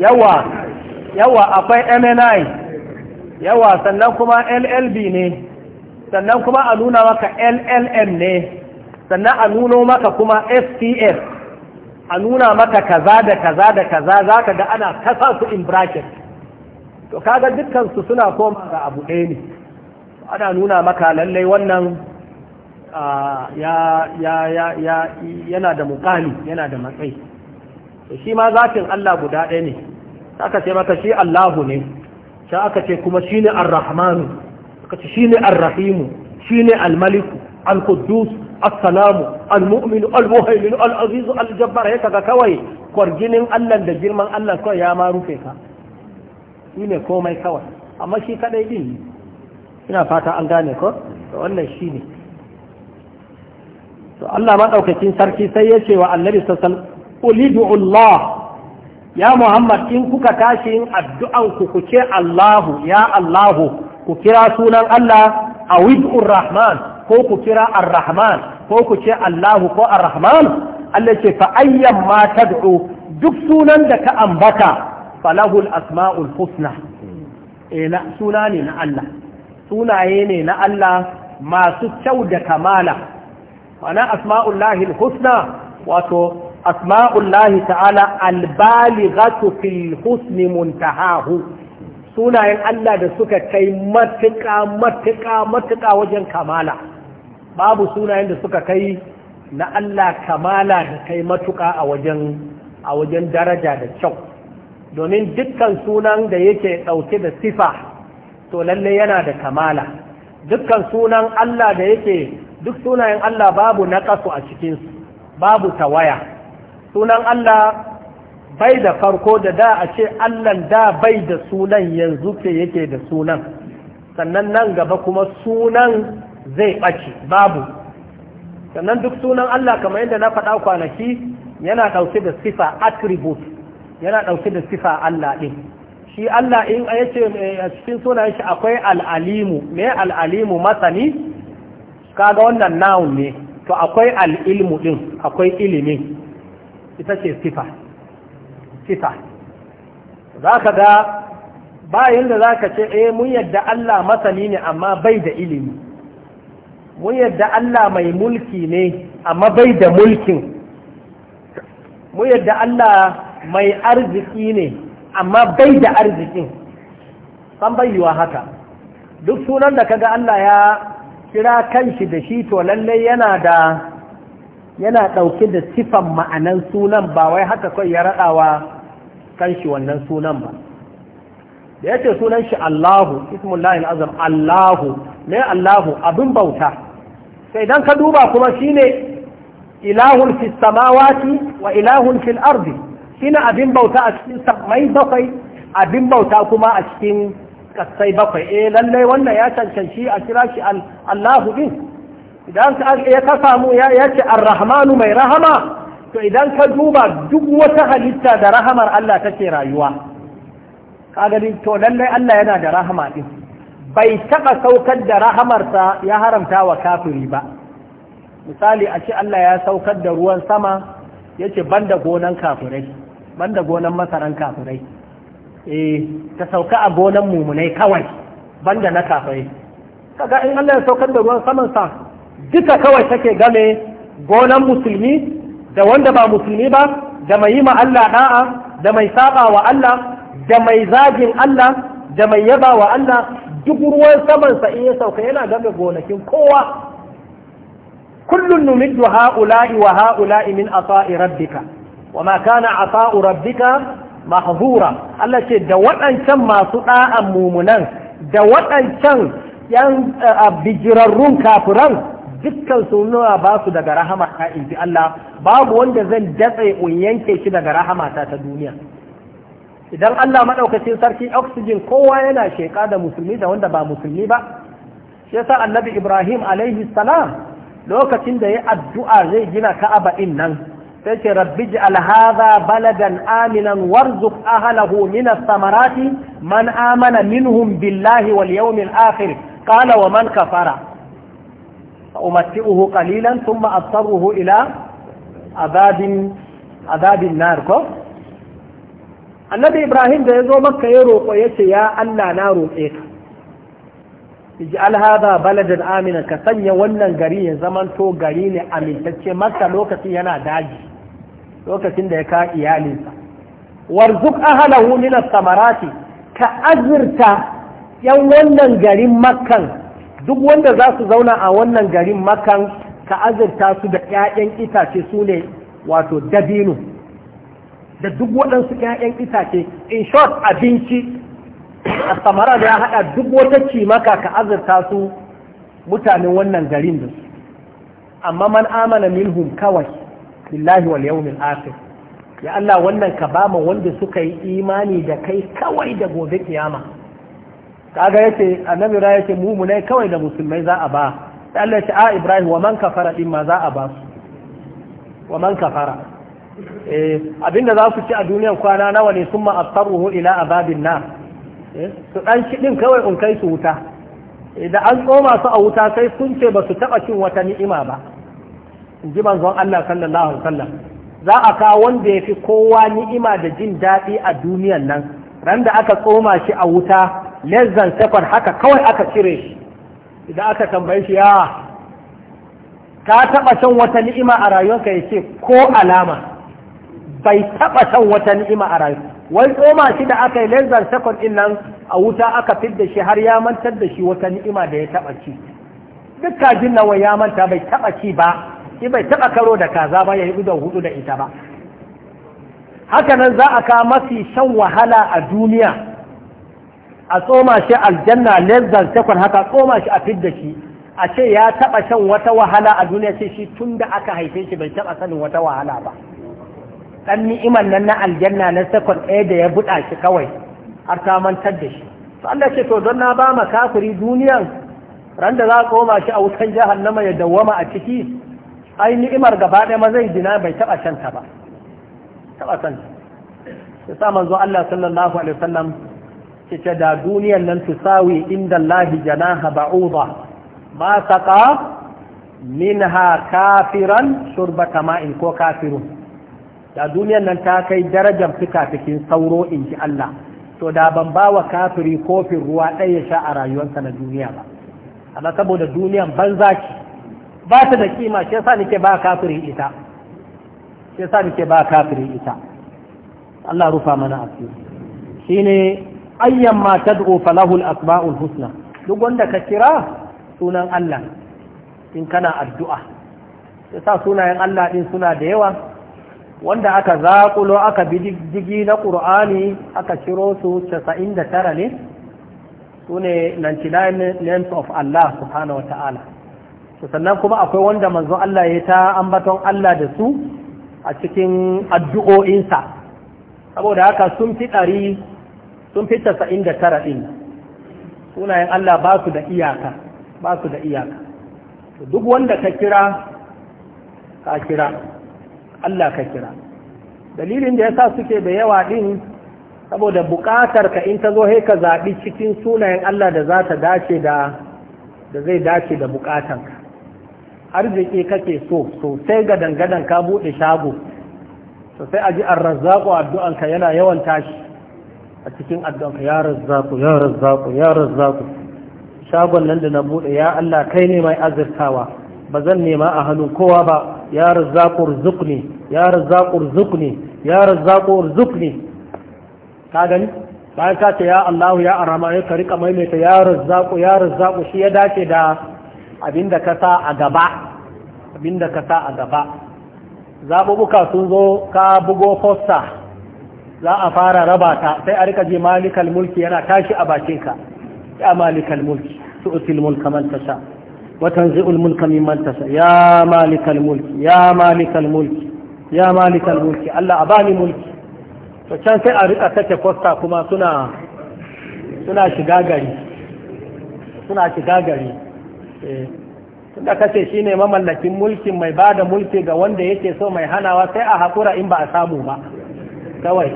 yawa yawa akwai MNI yawa sannan kuma LLB ne sannan kuma a nuna maka LLM ne sannan a nuno maka kuma STF a nuna maka kaza da kaza da kaza za ka ga ana kasa su in bracket to kaga dukkan su suna koma ga abu ɗaya ne ana nuna maka lallai wannan yana da mukami yana da matsayi shi ma zafin Allah guda ɗaya ne aka ce maka shi Allahu ne sai aka ce kuma shi ne arrahmanu aka ce shi ne arrahimu shi ne almaliku alkudus assalamu almu'minu almuhaiminu al'azizu aljabbar ya kaga kawai kwarginin Allah da girman Allah kawai ya ma rufe ka shi ne komai kawai amma shi kadai din ina fata an gane ko wannan shi ne to Allah maɗaukakin sarki sai ya ce wa annabi sassan ulidu Allah ya Muhammad in kuka tashi yin addu'an ku ku ce Allahu ya Allahu ku kira sunan Allah a wid'ur Rahman ko ku kira Ar-Rahman ko ku ce Allahu ko Ar-Rahman Allah ce fa ayyan ma duk sunan da ka ambata falahul asma'ul husna eh, na suna ne na Allah sunaye ne na Allah masu kyau da kamala ma'ana asma'ullahi husna wato asma'ullahi ta'ala al fil husni muntahahu sunayen Allah da suka kai matuƙa matuƙa matuƙa wajen kamala babu sunayen da suka kai na Allah kamala da kai matuƙa a wajen a wajen daraja da kyau domin dukkan sunan da yake ɗauke da sifa to lalle yana da kamala dukkan sunan Allah da yake duk sunayen Allah babu na naƙasu a cikinsu babu waya sunan Allah bai da farko da da a ce Allah da bai da sunan yanzu ke yake da sunan sannan nan gaba kuma sunan zai ɓace babu sannan duk sunan Allah kamar yadda na faɗa kwanaki yana ɗauke da sifa attribute yana ɗauke da sifa Allah ɗin shi Allah in a eh, cikin sunayen shi akwai al'alimu me al'alimu masani kaga wannan noun ne to akwai al'ilmu din akwai ilimin ita ce sifa sifa za ka ga bayan da za ka ce eh mun yadda Allah masani ne amma bai da ilimi mun yadda Allah mai mulki ne amma bai da mulkin mun yadda Allah mai arziki ne amma bai da arzikin san bayyuwa haka duk sunan da kaga Allah ya kira kanshi da shi to lallai yana da yana ɗauke da sifan ma'anan sunan ba wai haka kai ya raɗawa kanshi wannan sunan ba da ya ce sunan shi Allahu ismullahi azam Allahu ne Allahu abin bauta sai don ka duba kuma shine ilahun fis samawati wa ilahun fil ardi shine abin bauta a cikin samai bakwai abin bauta kuma a cikin kasai bakwai eh lallai wannan ya cancanci a kira shi Allahu din idan ya ka samu ya ce ar-rahmanu mai rahama to idan ka duba duk wata halitta da rahamar Allah take rayuwa ka gani to lallai Allah yana da rahama din bai taɓa saukar da rahamarsa ya haramta wa kafiri ba misali a ce Allah ya saukar da ruwan sama yace banda gonan kafirai banda gonan masaran kafirai eh ta sauka a gonan mummunai kawai banda na kafirai kaga in Allah ya saukar da ruwan saman sa duka kawai take game gonan musulmi da wanda ba musulmi ba da mai yi Allah da'a da mai saba wa Allah da mai zagin Allah da mai yaba wa Allah duk ruwan saman sa in ya sauka yana game gonakin kowa kullun numiddu ha'ula'i wa ha'ula'i min ata'i rabbika wa ma kana ata'u rabbika mahzura Allah ce da waɗancan masu ɗa'an mumunan da waɗancan yan bijirarrun kafiran dukkan su nuna ba su daga rahama ta inji Allah babu wanda zan datse in yanke shi daga rahama ta ta duniya idan Allah maɗaukacin sarki oxygen kowa yana sheka da musulmi da wanda ba musulmi ba shi yasa annabi Ibrahim alaihi salam lokacin da ya addu'a zai gina Ka'aba din nan فإن رب اجعل هذا بلدا آمنا وارزق أهله من الثمرات من آمن منهم بالله واليوم الآخر قال ومن كفر فأمتئه قليلا ثم أضطره إلى عذاب عذاب النار كو النبي إبراهيم ده يزو مكة يروق ويسي يا ألا نار ايه اجعل هذا بلدا آمنا كثنيا ونن غريا زمن تو غريني أمين تتشي مكة لوكتي انا داجي lokacin da ya ka iyalinsa warzuk ahalahu min samarati ka azirta yan wannan garin makkan duk wanda za su zauna a wannan garin makkan ka azirta su da 'ya'yan itace su ne wato dabino da duk waɗansu 'ya'yan itace in short abinci a samara da ya haɗa duk wata cimaka ka azirta su mutanen wannan garin da su amma man amana minhum kawai billahi wal yawmil akhir ya Allah wannan ka ba wanda suka yi imani da kai kawai da gobe kiyama kaga yace annabi ra yace mu munai kawai da musulmai za a ba sai Allah ya a Ibrahim wa man kafara din ma za a ba su wa man kafara eh abinda za su ci a duniyan kwana nawa ne summa attaruhu ila ababin nar eh, su dan shi din kawai in kai su wuta eh, da an tsoma su a wuta sai sun ce ba su taba cin wata ni'ima ba in ji manzon Allah sallallahu alaihi wasallam za a kawo wanda ya fi kowa ni'ima da jin daɗi a duniyan nan ran da aka tsoma shi a wuta lezzan safar haka kawai aka cire shi idan aka tambaye shi ya ka taɓa shan wata ni'ima a rayuwarka ya ce ko alama bai taɓa shan wata ni'ima a rayuwa wai tsoma shi da aka yi lezzan safar ɗin nan a wuta aka fidda shi har ya mantar da shi wata ni'ima da ya taɓa ci duk kajin nawa ya manta bai taɓa ci ba shi bai taɓa karo da kaza ba ya yi ido hudu da ita ba haka nan za a ka mafi shan wahala a duniya a tsoma shi aljanna lezzan than haka tsoma shi a fidda shi a ce ya taɓa shan wata wahala a duniya ce shi tun da aka haife shi bai taɓa sanin wata wahala ba ɗan ni'imar nan na aljanna na second ɗaya da ya buɗa shi kawai har ta mantar da shi to Allah ce to don na ba ma kafiri duniyan ran da za a koma shi a wutan jahannama ya dawwama a ciki ai ni'imar gaba ɗaya ma zai dina bai taɓa ta ba taɓa ya sa manzo Allah sallallahu alaihi wasallam ce da duniyar nan su sawi inda Allah janaha ba'uda ma saqa minha kafiran shurbata ma'in ko kafirun da duniyar nan ta kai darajar fikafikin sauro in ji Allah to da ban ba wa kafiri kofin ruwa ɗaya sha a rayuwarsa na duniya ba amma saboda duniyan banza ce ba ta da kima shi yasa nake ba kafiri ita shi yasa nake ba kafiri ita Allah rufa mana asiri shine ayyan ma tad'u falahu al-asma'ul husna duk wanda ka kira sunan Allah in kana addu'a yasa sunayen Allah din suna da yawa wanda aka zaƙulo aka bi bididdigi na ƙur'ani aka ciro su 99 ne su ne 99 names of Allah subhanahu wa ta'ala sannan kuma akwai wanda manzo Allah ya ta ambaton Allah da su a cikin addu'o'insa saboda haka sun fi ɗari sun fi tasa'in da tara ɗin sunayen Allah ba su da iyaka ba su da iyaka duk wanda ka kira ka kira Allah ka kira dalilin da ya sa suke da yawa ɗin saboda buƙatar ka in ta zo ka zaɓi cikin sunayen Allah da za ta dace da da zai dace da buƙatanka arziki kake so sosai ga dangadan ka buɗe shago sosai aji an razzaku addu'anka yana yawan tashi a cikin addu'anka ya razzaku ya razzaku ya razzaku shagon nan da na buɗe ya Allah kai ne mai azurtawa ba zan nema a hannun kowa ba ya razzaku urzuqni ya razzaku urzuqni ya razzaku urzuqni ka gani bayan ka ce ya Allah ya arama ya ka rika maimaita ya razzaku ya razzaku shi ya dace da abinda ka sa a gaba abinda ka sa a gaba zaɓuɓɓuka sun zo ka bugo fosta za a fara raba ta sai a rika ji malikal mulki yana tashi a bakinka ya malikal mulki tu'til mulka man tasha wa tanzi'ul mulka mimman tasha ya malikal mulki ya malikal mulki ya malikal mulki Allah a bani mulki to can sai a rika take fosta kuma suna suna shiga gari suna shiga gari Eh, tunda kace shine mamallakin mulkin mai ba da mulki ga wanda yake so mai hanawa sai a hakura in ba a samu ba kawai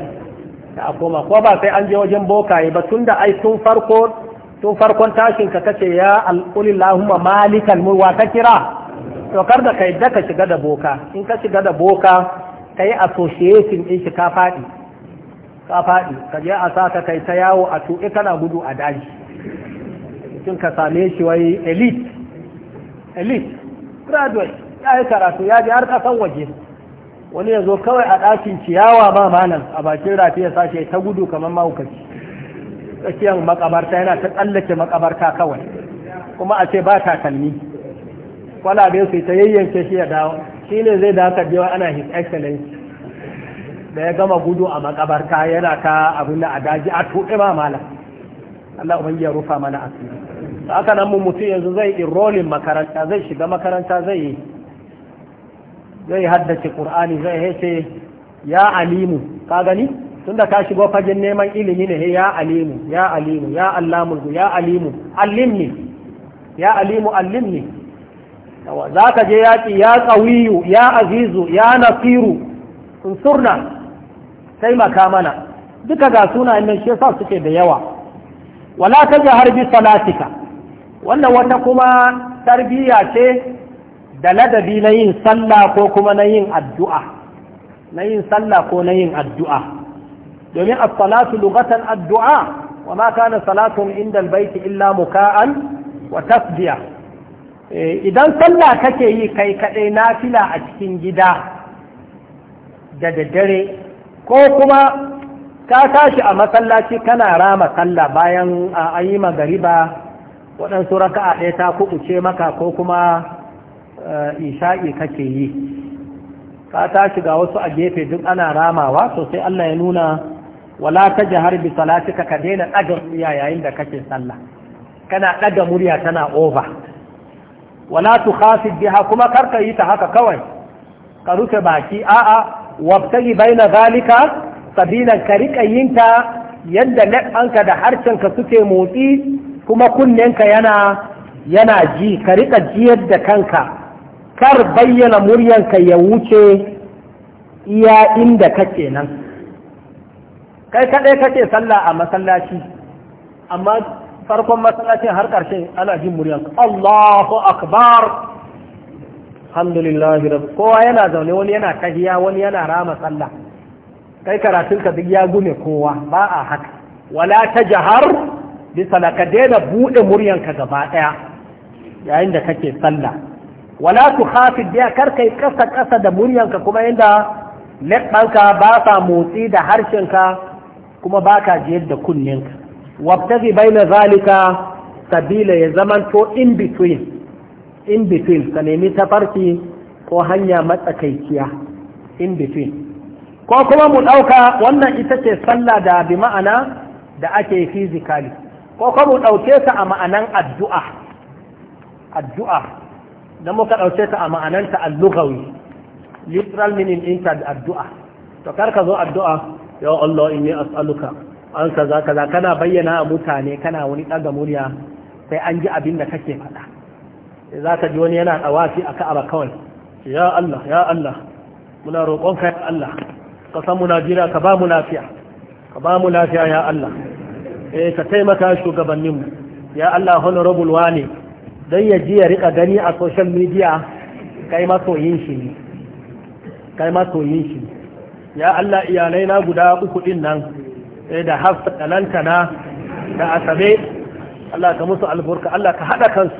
a koma ko ba sai an je wajen boka bokaye ba tunda ai tun farko tun farkon tashin ka kace ya alqulillahumma malikal mulk wa ta kira to kar da kai da ka shiga da boka in ka shiga da boka kai association din shi ka fadi ka fadi ka je a saka kai ta yawo a tuƙi kana gudu a daji tun ka same shi wai elite elite graduate ya yi karatu ya je har kasan waje wani ya zo kawai a ɗakin ciyawa ba malam a bakin rafi ya sashe ta gudu kamar mahaukaci tsakiyar makabarta yana ta tsallake makabarta kawai kuma a ce ba takalmi kwalabe su ta yayyanke shi ya dawo shi ne zai da aka ana his excellence da ya gama gudu a makabarta yana ta abin da a daji a tuɗe ma malam Allah ubangiji ya rufa mana asiri aka nan mun mutum yanzu zai irolin makaranta zai shiga makaranta zai zai haddace qur'ani zai hece ya alimu ka gani tunda ka shigo fagen neman ilimi ne ya alimu ya alimu ya allamul ya alimu allimni ya alimu allimni za ka je yaƙi ya ƙawiyu ya azizu ya nasiru unsurna taimaka mana duka ga suna nan shi suke da yawa wala ta jahar bi salatika wannan wata kuma tarbiyya ce da ladabi na yin sallah ko kuma na yin addu'a na yin sallah ko na yin addu'a domin a salatu lughatan addu'a wa ma kana salatun inda albayti illa muka'an wa tasbiya eh, idan sallah kake yi kai na nafila a cikin gida da daddare ko kuma ka tashi a masallaci kana rama sallah bayan a yi magariba waɗansu raka'a ɗaya ta kuɓuce maka ko kuma eh, isha'i kake yi ka ta shiga wasu a gefe duk ana ramawa sosai Allah ya nuna wala ta jihar bi salatika ka daina ɗaga murya yayin da kake sallah kana ɗaga murya tana ova. wala tu khasib biha kuma karka yi ta haka kawai ka rufe baki a'a wabtagi baina zalika sabilan ka rika yinta yadda leɓanka da ka suke motsi kuma kunnenka yana yana ji ka rika jiyar da kanka kar bayyana muryanka ya wuce iya inda kake nan kai kaɗai kake sallah a masallaci amma farkon masallacin har ƙarshen ana jin muryanka Allahu akbar alhamdulillah kowa yana zaune wani yana kahiya wani yana rama sallah kai karatunka duk ya gume kowa ba a haka wala ta jahar bisa la ka daina buɗe muryanka gaba ɗaya yayin da kake sallah wala tu khafid biya kar kai ƙasa kasa da muryanka kuma inda leɓɓanka ba sa motsi da harshenka kuma ba ka yadda da kunninka Wabtazi bai na zalika sabila ya zamanto in between in between ka nemi tafarki ko hanya matsakaiciya in between ko kuma mu ɗauka wannan ita ce sallah da bi ma'ana da ake fizikali ko kuma mu ɗauke ta a ma'anan addu'a addu'a da muka ɗauke ta a ma'anan ta al-lughawi literal meaning din ta addu'a to kar ka zo addu'a ya Allah inni as'aluka an kaza kaza kana bayyana a mutane kana wani ɗaga murya sai an ji abin da kake faɗa za ka ji wani yana tsawafi a ka'aba kawai ya Allah ya Allah muna roƙonka ya Allah ka san muna jira ka ba mu lafiya ka ba mu lafiya ya Allah eh ka taimaka shugabanninmu ya Allah honorable wane don ya ji ya rika gani a social media kai soyin shi ne kai soyin shi ya Allah iyalai na guda uku din nan eh, da hafsa da na da asabe Allah ka musu alburka Allah ka hada kansu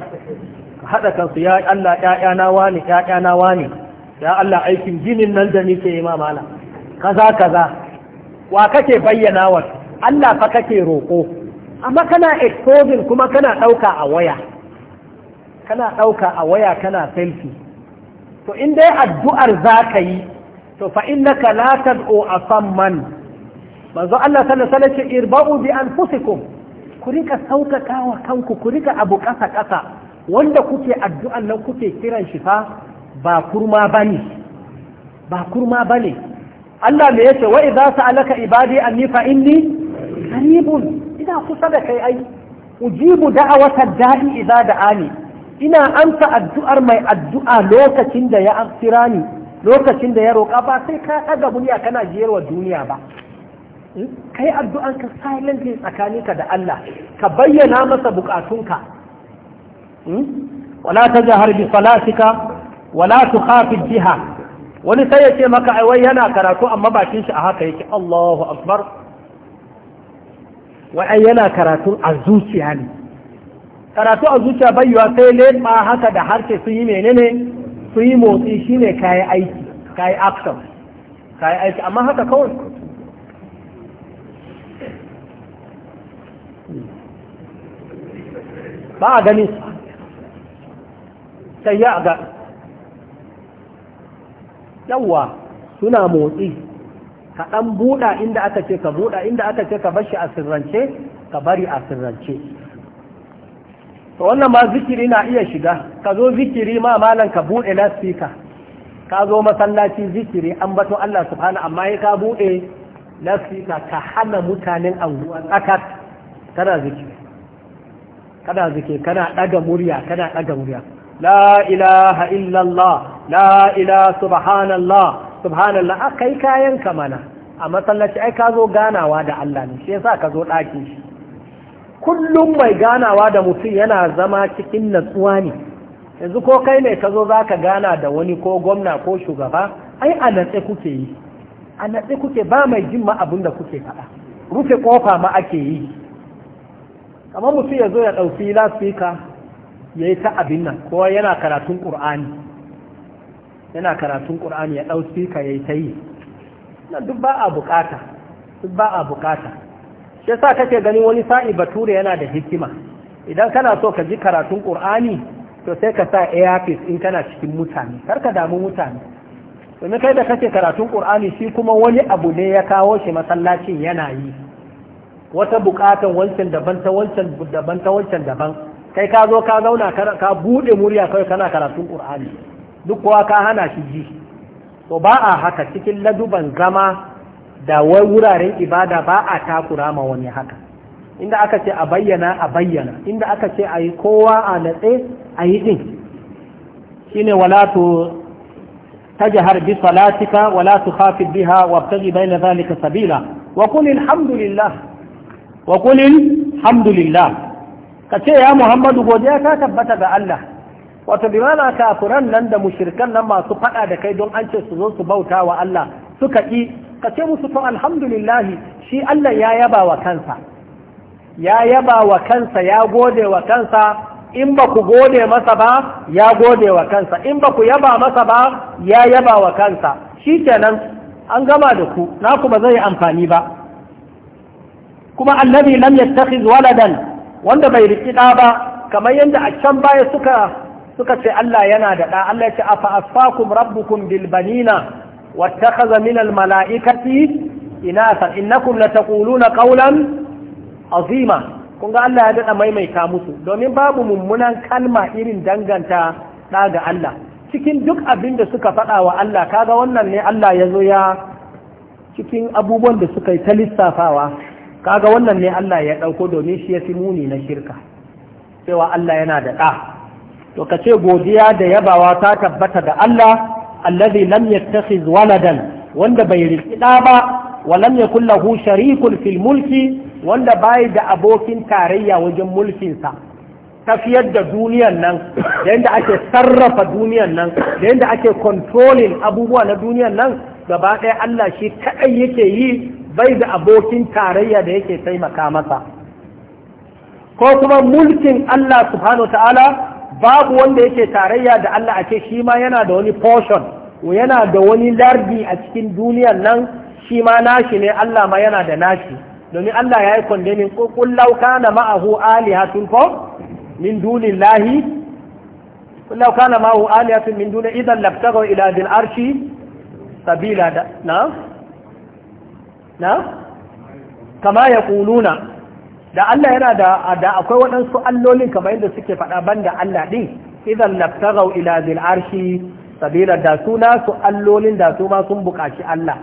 ka hada kansu ya Allah ƴaƴa na wani ƴaƴa na wani ya Allah aikin ginin nan da nake yi ma mala kaza kaza wa kake bayyana wa Allah fa kake roƙo amma kana exposing kuma kana ɗauka a waya kana ɗauka a waya kana selfie to in dai addu'ar za ka yi to fa latar o tad'u asamman manzo Allah sallallahu alaihi wasallam irba'u bi anfusikum ku rika saukaka wa kanku ku rika abu ƙasa ƙasa wanda kuke addu'an nan kuke kiran shi fa ba kurma bane ba kurma ne Allah me yace wa idza sa'alaka ibadi anni fa inni qaribun ina kusa da kai ai ujibu daɗi da'i da Ami. ina amsa addu'ar mai addu'a lokacin da ya kira ni lokacin da ya roƙa ba sai ka ɗaga murya kana jiyarwa duniya ba hmm? kai addu'an ka silently tsakaninka da Allah ka bayyana masa bukatunka hmm? wala tajhar bi salatika wala tukhafid jiha. wani sai ya ce maka ai yana karatu amma bakin shi a haka yake Allahu akbar wa'ai yana karatun a zuciya ne karatu a zuciya bayyuwa sai leɓa haka da harshe sun yi menene sun yi motsi shine kayi aiki kayi action kayi aiki amma haka kawai ba a gani sai ya ga yawwa suna motsi ka ɗan buɗa inda aka ce ka buɗa inda aka ce ka bar shi a sirrance ka bari a sirrance to wannan ma zikiri na iya shiga ka zo zikiri ma malan ka buɗe na lasfika ka zo masallaci zikiri an bato Allah subhana amma ya ka buɗe na lasfika ka hana mutanen anguwa tsakar kana zikiri kana zikiri kana ɗaga murya kana ɗaga murya la ilaha illallah la ilaha subhanallah subhanallah aka ah, yi kayan mana a masallaci ai ka zo ganawa da Allah ne shi yasa ka zo ɗakin shi kullum mai ganawa da mutum yana zama cikin natsuwa ne yanzu ko kai ne ka zo za ka gana da wani ko gwamna ko shugaba ai a natse kuke yi a natse kuke ba mai jin ma abin da kuke faɗa rufe ƙofa ma ake yi kamar mutum ya zo ya ɗauki lafika ya yi ta abin nan ko yana karatun ƙur'ani yana karatun ƙur'ani ya ɗau spika ya yi ta yi na duk ba a bukata duk ba a bukata shi sa kake gani wani sa'i bature yana da hikima idan kana so ka ji karatun ƙur'ani to sai ka sa earpiece in kana cikin mutane kar ka damu mutane domin kai da kake karatun ƙur'ani shi kuma wani abu ne ya kawo shi masallacin yana yi wata bukatan wancan daban ta wancan daban ta wancan daban kai ka zo ka zauna ka bude murya kawai kana karatun ƙur'ani duk kowa ka hana shi ji to ba a haka cikin laduban zama da wuraren ibada ba a takura ma wani haka inda aka ce a bayyana a bayyana inda aka ce a yi kowa a natse a yi din ne wala tu tajhar bi salatika wala tukhafid biha wabtaghi bayna dhalika sabila wa qul alhamdulillah wa qul alhamdulillah kace ya muhammadu godiya ta tabbata ga Allah wato bi mana kafiran nan da mushirkan nan masu faɗa da kai don an ce su zo su bauta wa Allah suka ƙi ka ce musu to alhamdulillah shi Allah ya yaba wa kansa ya yaba wa kansa ya gode wa kansa in ba ku gode masa ba ya gode wa kansa in ba ku yaba masa ba ya yaba wa kansa shi kenan an gama da ku na ku ba zai amfani ba kuma annabi lam yattakhiz waladan wanda bai riki ɗa ba kamar yadda a can baya suka suka ce Allah yana da ɗa Allah ya ce afa asfakum rabbukum bil banina wattakhadha min al mala'ikati inasa innakum latakuluna qawlan azima kun ga Allah ya daɗa maimaita musu domin babu mummunan kalma irin danganta ɗa ga Allah cikin duk abin da suka faɗa wa Allah kaga wannan ne Allah ya zo ya cikin abubuwan da suka yi ta lissafawa kaga wannan ne Allah ya ɗauko domin shi ya fi muni na shirka cewa Allah yana da ɗa to ka ce godiya da yabawa ta tabbata da Allah allazi lam yattakhiz waladan wanda bai riki da ba wa lam yakul lahu sharikun fil mulki wanda bai da abokin tarayya wajen mulkinsa tafiyar da duniyar nan da yadda ake sarrafa duniyar nan da yadda ake kontrolin abubuwa na duniyan nan gaba ɗaya Allah shi kaɗai yake yi bai da abokin tarayya da yake taimaka masa ko kuma mulkin Allah subhanahu ta'ala babu wanda yake tarayya da Allah a ce shi ma yana da wani portion yana da wani lardi a cikin duniyan nan shi ma nashi ne Allah ma yana da nashi domin Allah ya yi kondemin kul lauka na ma'ahu alihatun fa min dunillahi kul law kana ma'ahu alihatun min dunin idan labtaghu ila dil arshi sabila na na kama yaquluna da Allah yana da da akwai waɗansu allolin kamar yadda suke faɗa banda Allah ɗin idan laftarau ila zil arshi sabila da su nasu allolin da su ma sun buƙaci Allah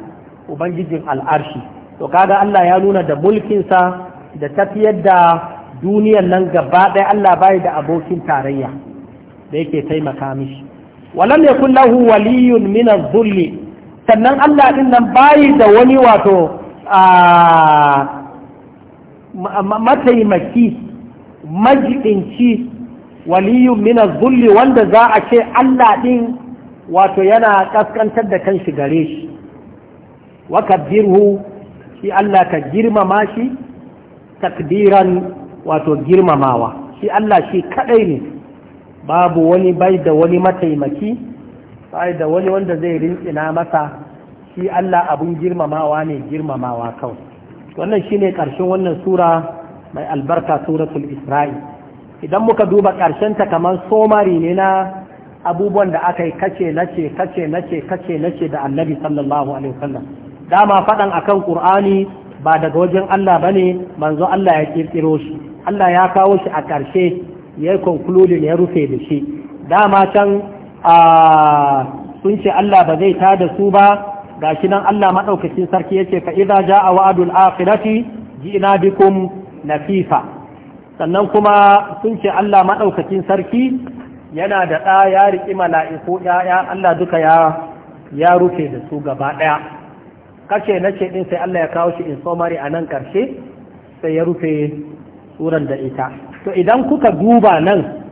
ubangijin al'arshi to kaga Allah ya nuna da mulkinsa da tafiyar da duniyar nan gaba ɗaya Allah bai da abokin tarayya da yake taimaka mishi walam yakun lahu waliyun min zulli sannan Allah ɗin nan bayi da wani wato a ah, mataimaki majidinci waliyun mina zulli wanda za a ce Allah ɗin wato yana ƙaskantar da kanshi gare shi waka birhu shi Allah ka girmama shi takdiran wato girmamawa shi Allah shi kaɗai ne babu wani bai da wani mataimaki bai da wani wanda zai rintsina masa shi Allah abun girmamawa ne girmamawa kawai wannan shine karshen wannan sura mai albarka suratul isra'i idan muka duba karshen ta kamar somari ne na abubuwan da aka yi kace nace kace nace kace nace da annabi sallallahu alaihi wasallam dama faɗan akan qur'ani ba daga wajen Allah bane manzo Allah ya kirkiro shi Allah ya kawo shi a ƙarshe ya conclude ya rufe da shi dama can a sun ce Allah ba zai da su ba gashi nan Allah madaukakin sarki yace fa idza jaa wa'dul akhirati ji'na bikum nafifa sannan kuma sun ce Allah madaukakin sarki yana da ɗa ya riƙi mala'iku ‘ya'ya Allah duka ya rufe da su gaba ɗaya kashe na ce ɗin sai Allah ya kawo shi in somari a nan ƙarshe sai ya rufe suran da ita to idan kuka duba nan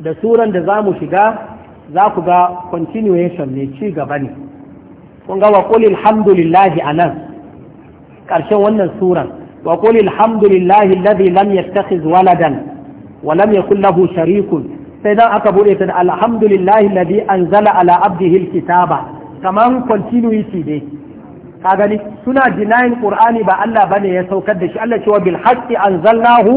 da suran da za mu shiga za ku ga continuation ne ci gaba ne kun ga wa qul anan karshen wannan suran wa qul alhamdulillahi alladhi lam yattakhiz waladan wa lam yakul lahu sharikun sai dan aka bude ta alhamdulillahi alladhi anzala ala abdihi alkitaba kaman continuity dai Kaga ni suna denying qur'ani ba Allah bane ya saukar da shi Allah cewa bil haqqi anzalnahu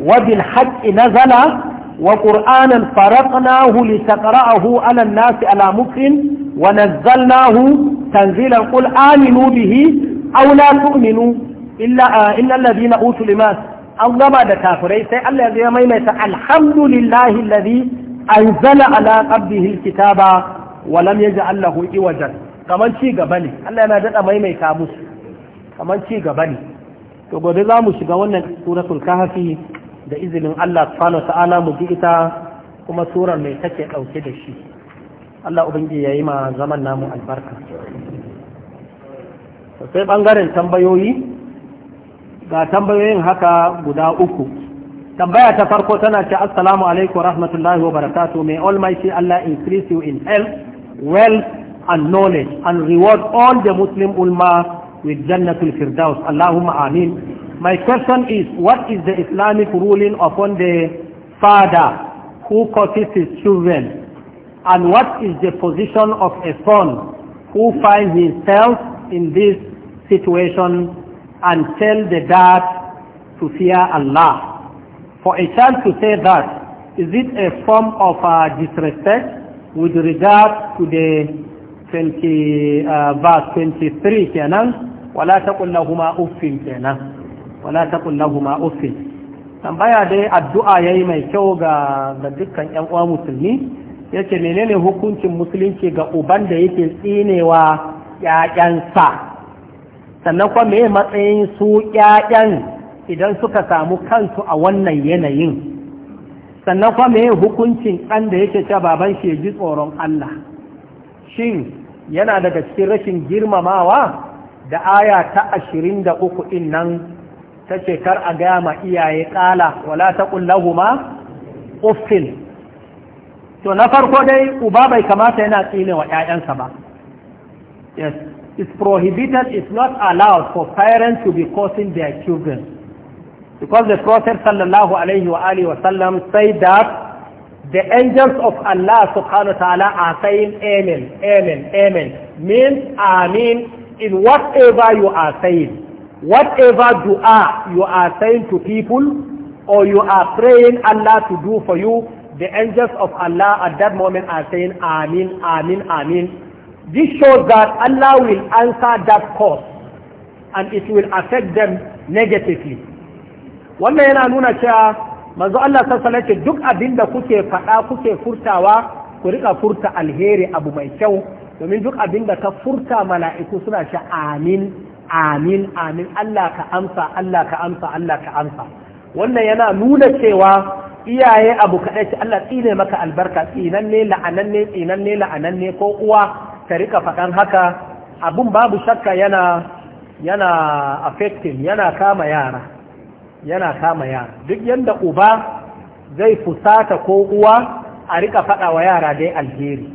wa bil haqqi nazala وقرآنا فرقناه لتقرأه على الناس على مكر ونزلناه تنزيلا قل آمنوا به أو لا تؤمنوا إلا إلا الذين أوتوا لما أغلب هذا كافرين سي الله يزي ميميت الحمد لله الذي أنزل على قبله الكتاب ولم يجعل له إوجا كمان شيء قبلي الله ينادى ميميت أبوس كمان شيء قبلي to gobe za mu shiga wannan suratul kahfi da izinin Allah subhanahu ta'ala mu ji ita kuma surar mai take ɗauke da shi Allah ubangiji ya yi ma zaman namu albarka sai ɓangaren tambayoyi ga tambayoyin haka guda uku tambaya ta farko tana ce assalamu alaikum rahmatullahi wa barakatuh may almighty Allah increase you in health wealth and knowledge and reward all the muslim ulma with jannatul firdaus allahumma amin My question is, what is the Islamic ruling upon the father who causes his children? And what is the position of a son who finds himself in this situation and tell the dad to fear Allah? For a child to say that, is it a form of uh, disrespect with regard to the 20, uh, verse 23 kenan? ولا تقل لهما أف kenan. wala taqul lahumu uffin tambaya dai addu'a yayi mai kyau ga ga dukkan ƴan uwa musulmi yace menene hukuncin musulunci ga uban da yake tsinewa ƴaƴansa sannan kuma me matsayin su ƴaƴan idan suka samu kansu a wannan yanayin sannan kuma me hukuncin ɗan da yake cewa baban shi ji tsoron Allah shin yana daga cikin rashin girmamawa da aya ta ashirin da uku nan ta ce kar a gaya ma iyaye kala wala ta ma uffin to na farko dai uba bai kamata yana tsine wa ‘ya'yansa ba yes it's prohibited it's not allowed for parents to be causing their children because the prophet sallallahu alaihi wa alihi wasallam say that the angels of Allah subhanahu wa ta'ala are saying amen amen amen means amen in whatever you are saying whatever dua you are saying to people or you are praying Allah to do for you, the angels of Allah at that moment are saying Amin, Amin, Amin. This shows that Allah will answer that cause and it will affect them negatively. Wannan yana nuna cewa manzo Allah sassana ce duk abin da kuke faɗa kuke furtawa ku rika furta alheri abu mai kyau domin duk abinda da ka furta mala'iku suna sha amin amin amin Allah ka amsa Allah ka amsa Allah ka amsa wannan yana nuna cewa iyaye abu kaɗai ce Allah tsine maka albarka ne la'ananne tsinanne la'ananne ko uwa ka rika faɗan haka abun babu shakka yana yana affecting yana kama yara yana kama yara duk yanda uba zai fusata ko uwa a rika faɗa wa yara dai alheri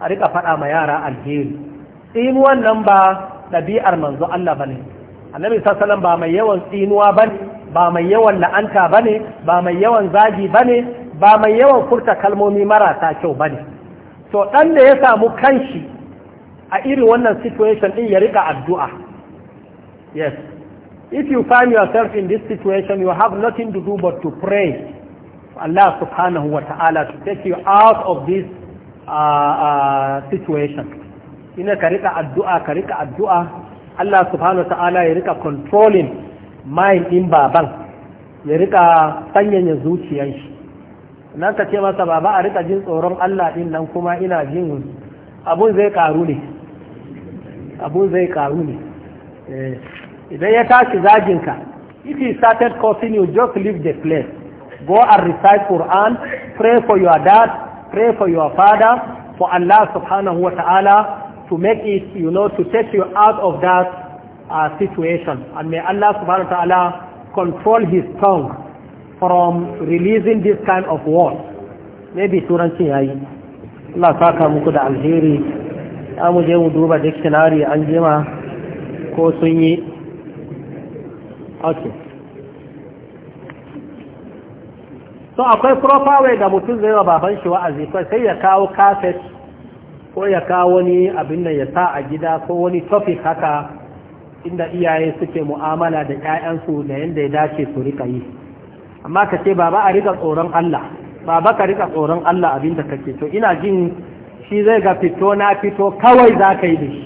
a rika faɗa ma yara alheri in wannan ba ɗabi'ar manzo Allah bane annabi sallallahu ba mai yawan tsinuwa bane ba mai yawan la'anta bane ba mai yawan zagi bane ba mai yawan furta kalmomi marasa kyau bane So ɗan da ya samu kanshi a irin wannan situation ɗin ya riƙa addu'a yes if you find yourself in this situation you have nothing to do but to pray Allah subhanahu wa ta'ala to take you out of this uh, uh, situation ina ka rika addu'a ka rika addu'a Allah subhanahu ta'ala ya rika controlling mind din baban ya rika sanyanya zuciyar shi nan ka ce masa baba a rika jin tsoron Allah din nan kuma ina jin abun zai karu ne abun zai karu ne eh, idan ya tashi zaginka if you started causing you just leave the place go and recite Quran pray for your dad pray for your father for Allah subhanahu wa ta'ala to make it, you know, to take you out of that uh, situation. And may Allah subhanahu wa ta'ala control his tongue from releasing this kind of words. Maybe turanci ya yi. Allah saka muku da alheri, ya mu mu duba dictionary anjima jima ko sun Okay. So akwai proper way da mutum zai wa baban shi wa'azi, sai ya kawo kafet ko ya kawo wani abin nan ya sa a gida ko wani topic haka inda iyaye suke mu'amala da 'ya'yansu da yadda ya dace su rika yi amma ka ce baba a rika tsoron Allah baba ka rika tsoron Allah abin da kake to ina jin shi zai ga fito na fito kawai za ka yi da shi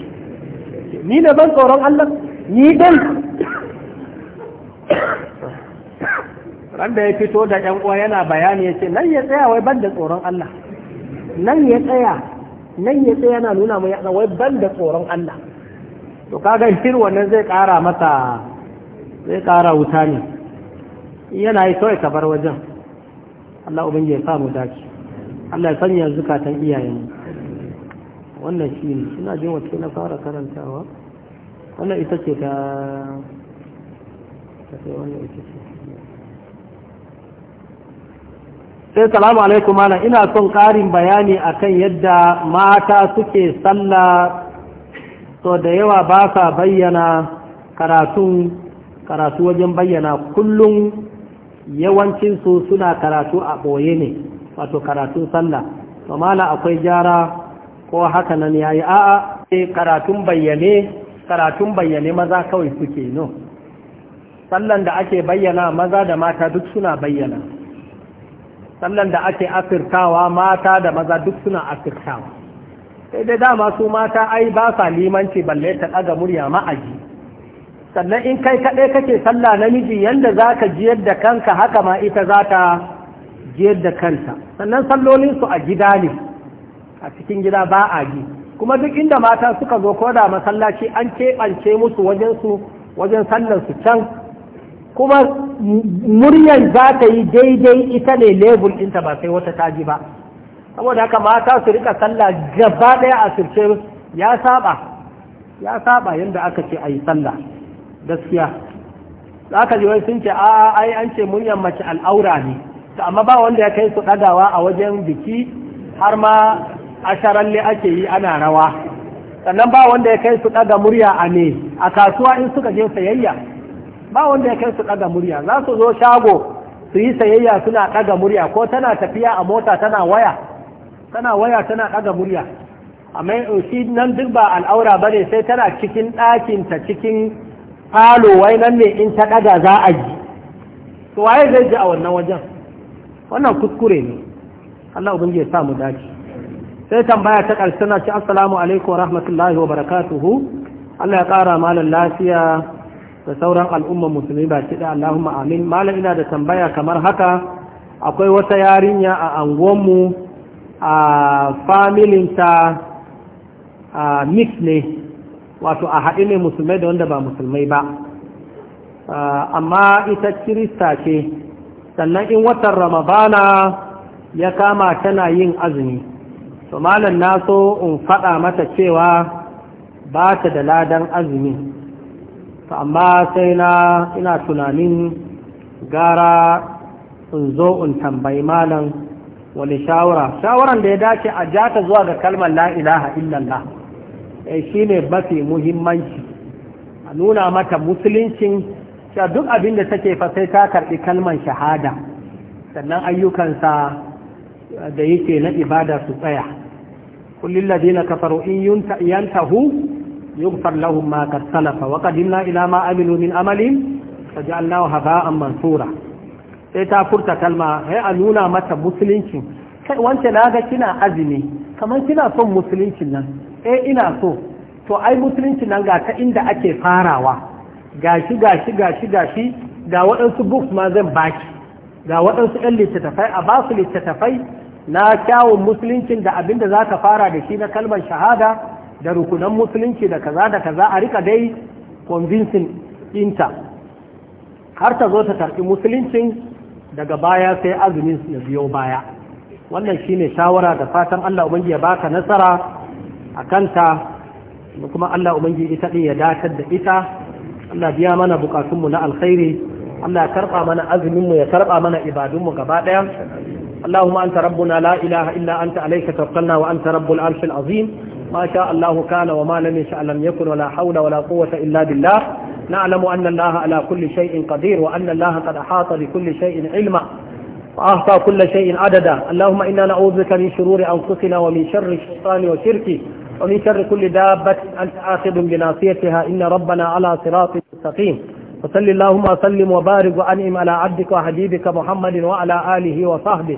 ni da ban tsoron Allah ni dan randa ya fito da 'yan uwa yana bayani ya ce nan ya tsaya wai ban da tsoron Allah nan ya tsaya nan ya tsaye yana nuna mai yana wai ban da tsoron Allah to kaga shir wannan zai kara masa zai kara wuta ne yana yi kawai kabar wajen Allah ubangiji ya samu dace Allah ya sanya zukatan iyayen wannan shi ne suna jin wace na fara karantawa wannan ita ce ta ta sai wannan ita ce sai salamu alaikum mana ina son ƙarin bayani akan yadda mata suke salla so da yawa ba sa bayyana karatun karatu wajen bayyana kullum yawancinsu suna karatu a ɓoye ne wato karatun sallah to mana akwai jara ko haka nan ya yi a'a sai karatun bayyane karatun bayyane maza kawai suke no sallan da ake bayyana maza da mata duk suna bayyana sallan da ake asirtawa mata da maza duk suna asirtawa sai dai dama su mata ai ba sa limanci balle ta ɗaga murya ma'aji sannan in kai kaɗai kake sallah namiji yadda za ka jiyar da kanka haka ma ita za ta jiyar da kanta sannan sallolinsu a gida ne a cikin gida ba a ji kuma duk inda mata suka zo ko da masallaci an keɓance musu wajensu wajen su can kuma muryar za ta yi daidai ita ne lebul ɗinta ba sai wata taji ba saboda haka mata su rika sallah gaba ɗaya a sirce ya saba ya saba yadda aka ce a yi sallah gaskiya za ka wai sun ce a'a ai an ce muryan mace al'aura ne amma ba wanda ya kai su ɗagawa a wajen biki har ma a sharalle ake yi ana rawa sannan ba wanda ya kai su ɗaga murya a ne a kasuwa in suka je sayayya ba wanda ya kai su ɗaga murya za su zo shago su yi sayayya suna ƙaga murya ko tana tafiya a mota tana waya tana waya tana murya amma shi nan duk ba al'aura ba ne sai tana cikin ta cikin falo wai nan ne in ta ɗaga za a ji to waye zai ji a wannan wajen wannan kuskure ne Allah ubangiji ya sa mu dace sai tambaya ta ƙarshe na ci assalamu alaikum wa rahmatullahi wa barakatuhu Allah ya ƙara malam lafiya da sauran al'ummar musulmi ba ki da Allahumma amin malam ina da tambaya kamar haka akwai wata yarinya a angonmu a familinta a mix ne wato a haɗe ne musulmai da wanda ba musulmai ba amma ita kirista ce sannan in watan ramadana ya kama tana yin azumi to malam na so in faɗa mata cewa ba ta da ladan azumi amma sai na ina tunanin gara in zo in tambayi malam wani shawara shawaran da ya dace a jata zuwa ga kalmar la'ilaha ilaha illallah eh, shi ne mafi muhimmanci a nuna mata musuluncin sha duk abin da take fa sai ta karɓi kalmar shahada sannan ayyukansa eh, da yake na ibada su tsaya kullum ladina kafaru in yantahu يغفر لهم ما قد سلف وقدمنا إلى ما عملوا من عمل فجعلناه هباء منثورا sai ta furta kalma sai a nuna mata musulunci Sai wance na ga kina azumi kamar kina son musuluncin nan eh ina so to ai musuluncin nan ga ta inda ake farawa gashi gashi gashi gashi ga waɗansu books ma zan baki ga waɗansu ɗan littattafai a basu littattafai na kyawun musuluncin da abinda za ka fara da shi na kalmar shahada da rukunan musulunci da kaza da kaza a rika dai convincing inta har ta zo ta tarbi musuluncin daga baya sai azumin ya biyo baya wannan shine shawara da fatan Allah ubangi ya baka nasara a kanta kuma Allah ubangi ita ɗin ya datar da ita Allah biya mana bukatunmu na alkhairi Allah ya karɓa mana azuminmu ya karɓa mana ibadunmu gaba ɗaya اللهم أنت ربنا لا إله إلا أنت عليك توكلنا وأنت رب العرش العظيم ما شاء الله كان وما لم يشاء لم يكن ولا حول ولا قوة إلا بالله نعلم أن الله على كل شيء قدير وأن الله قد أحاط بكل شيء علما وأعطى كل شيء عددا اللهم إنا نعوذ بك من شرور أنفسنا ومن شر الشيطان وشركه ومن شر كل دابة أنت آخذ بناصيتها إن ربنا على صراط مستقيم وصل اللهم وسلم وبارك وأنعم على عبدك وحبيبك محمد وعلى آله وصحبه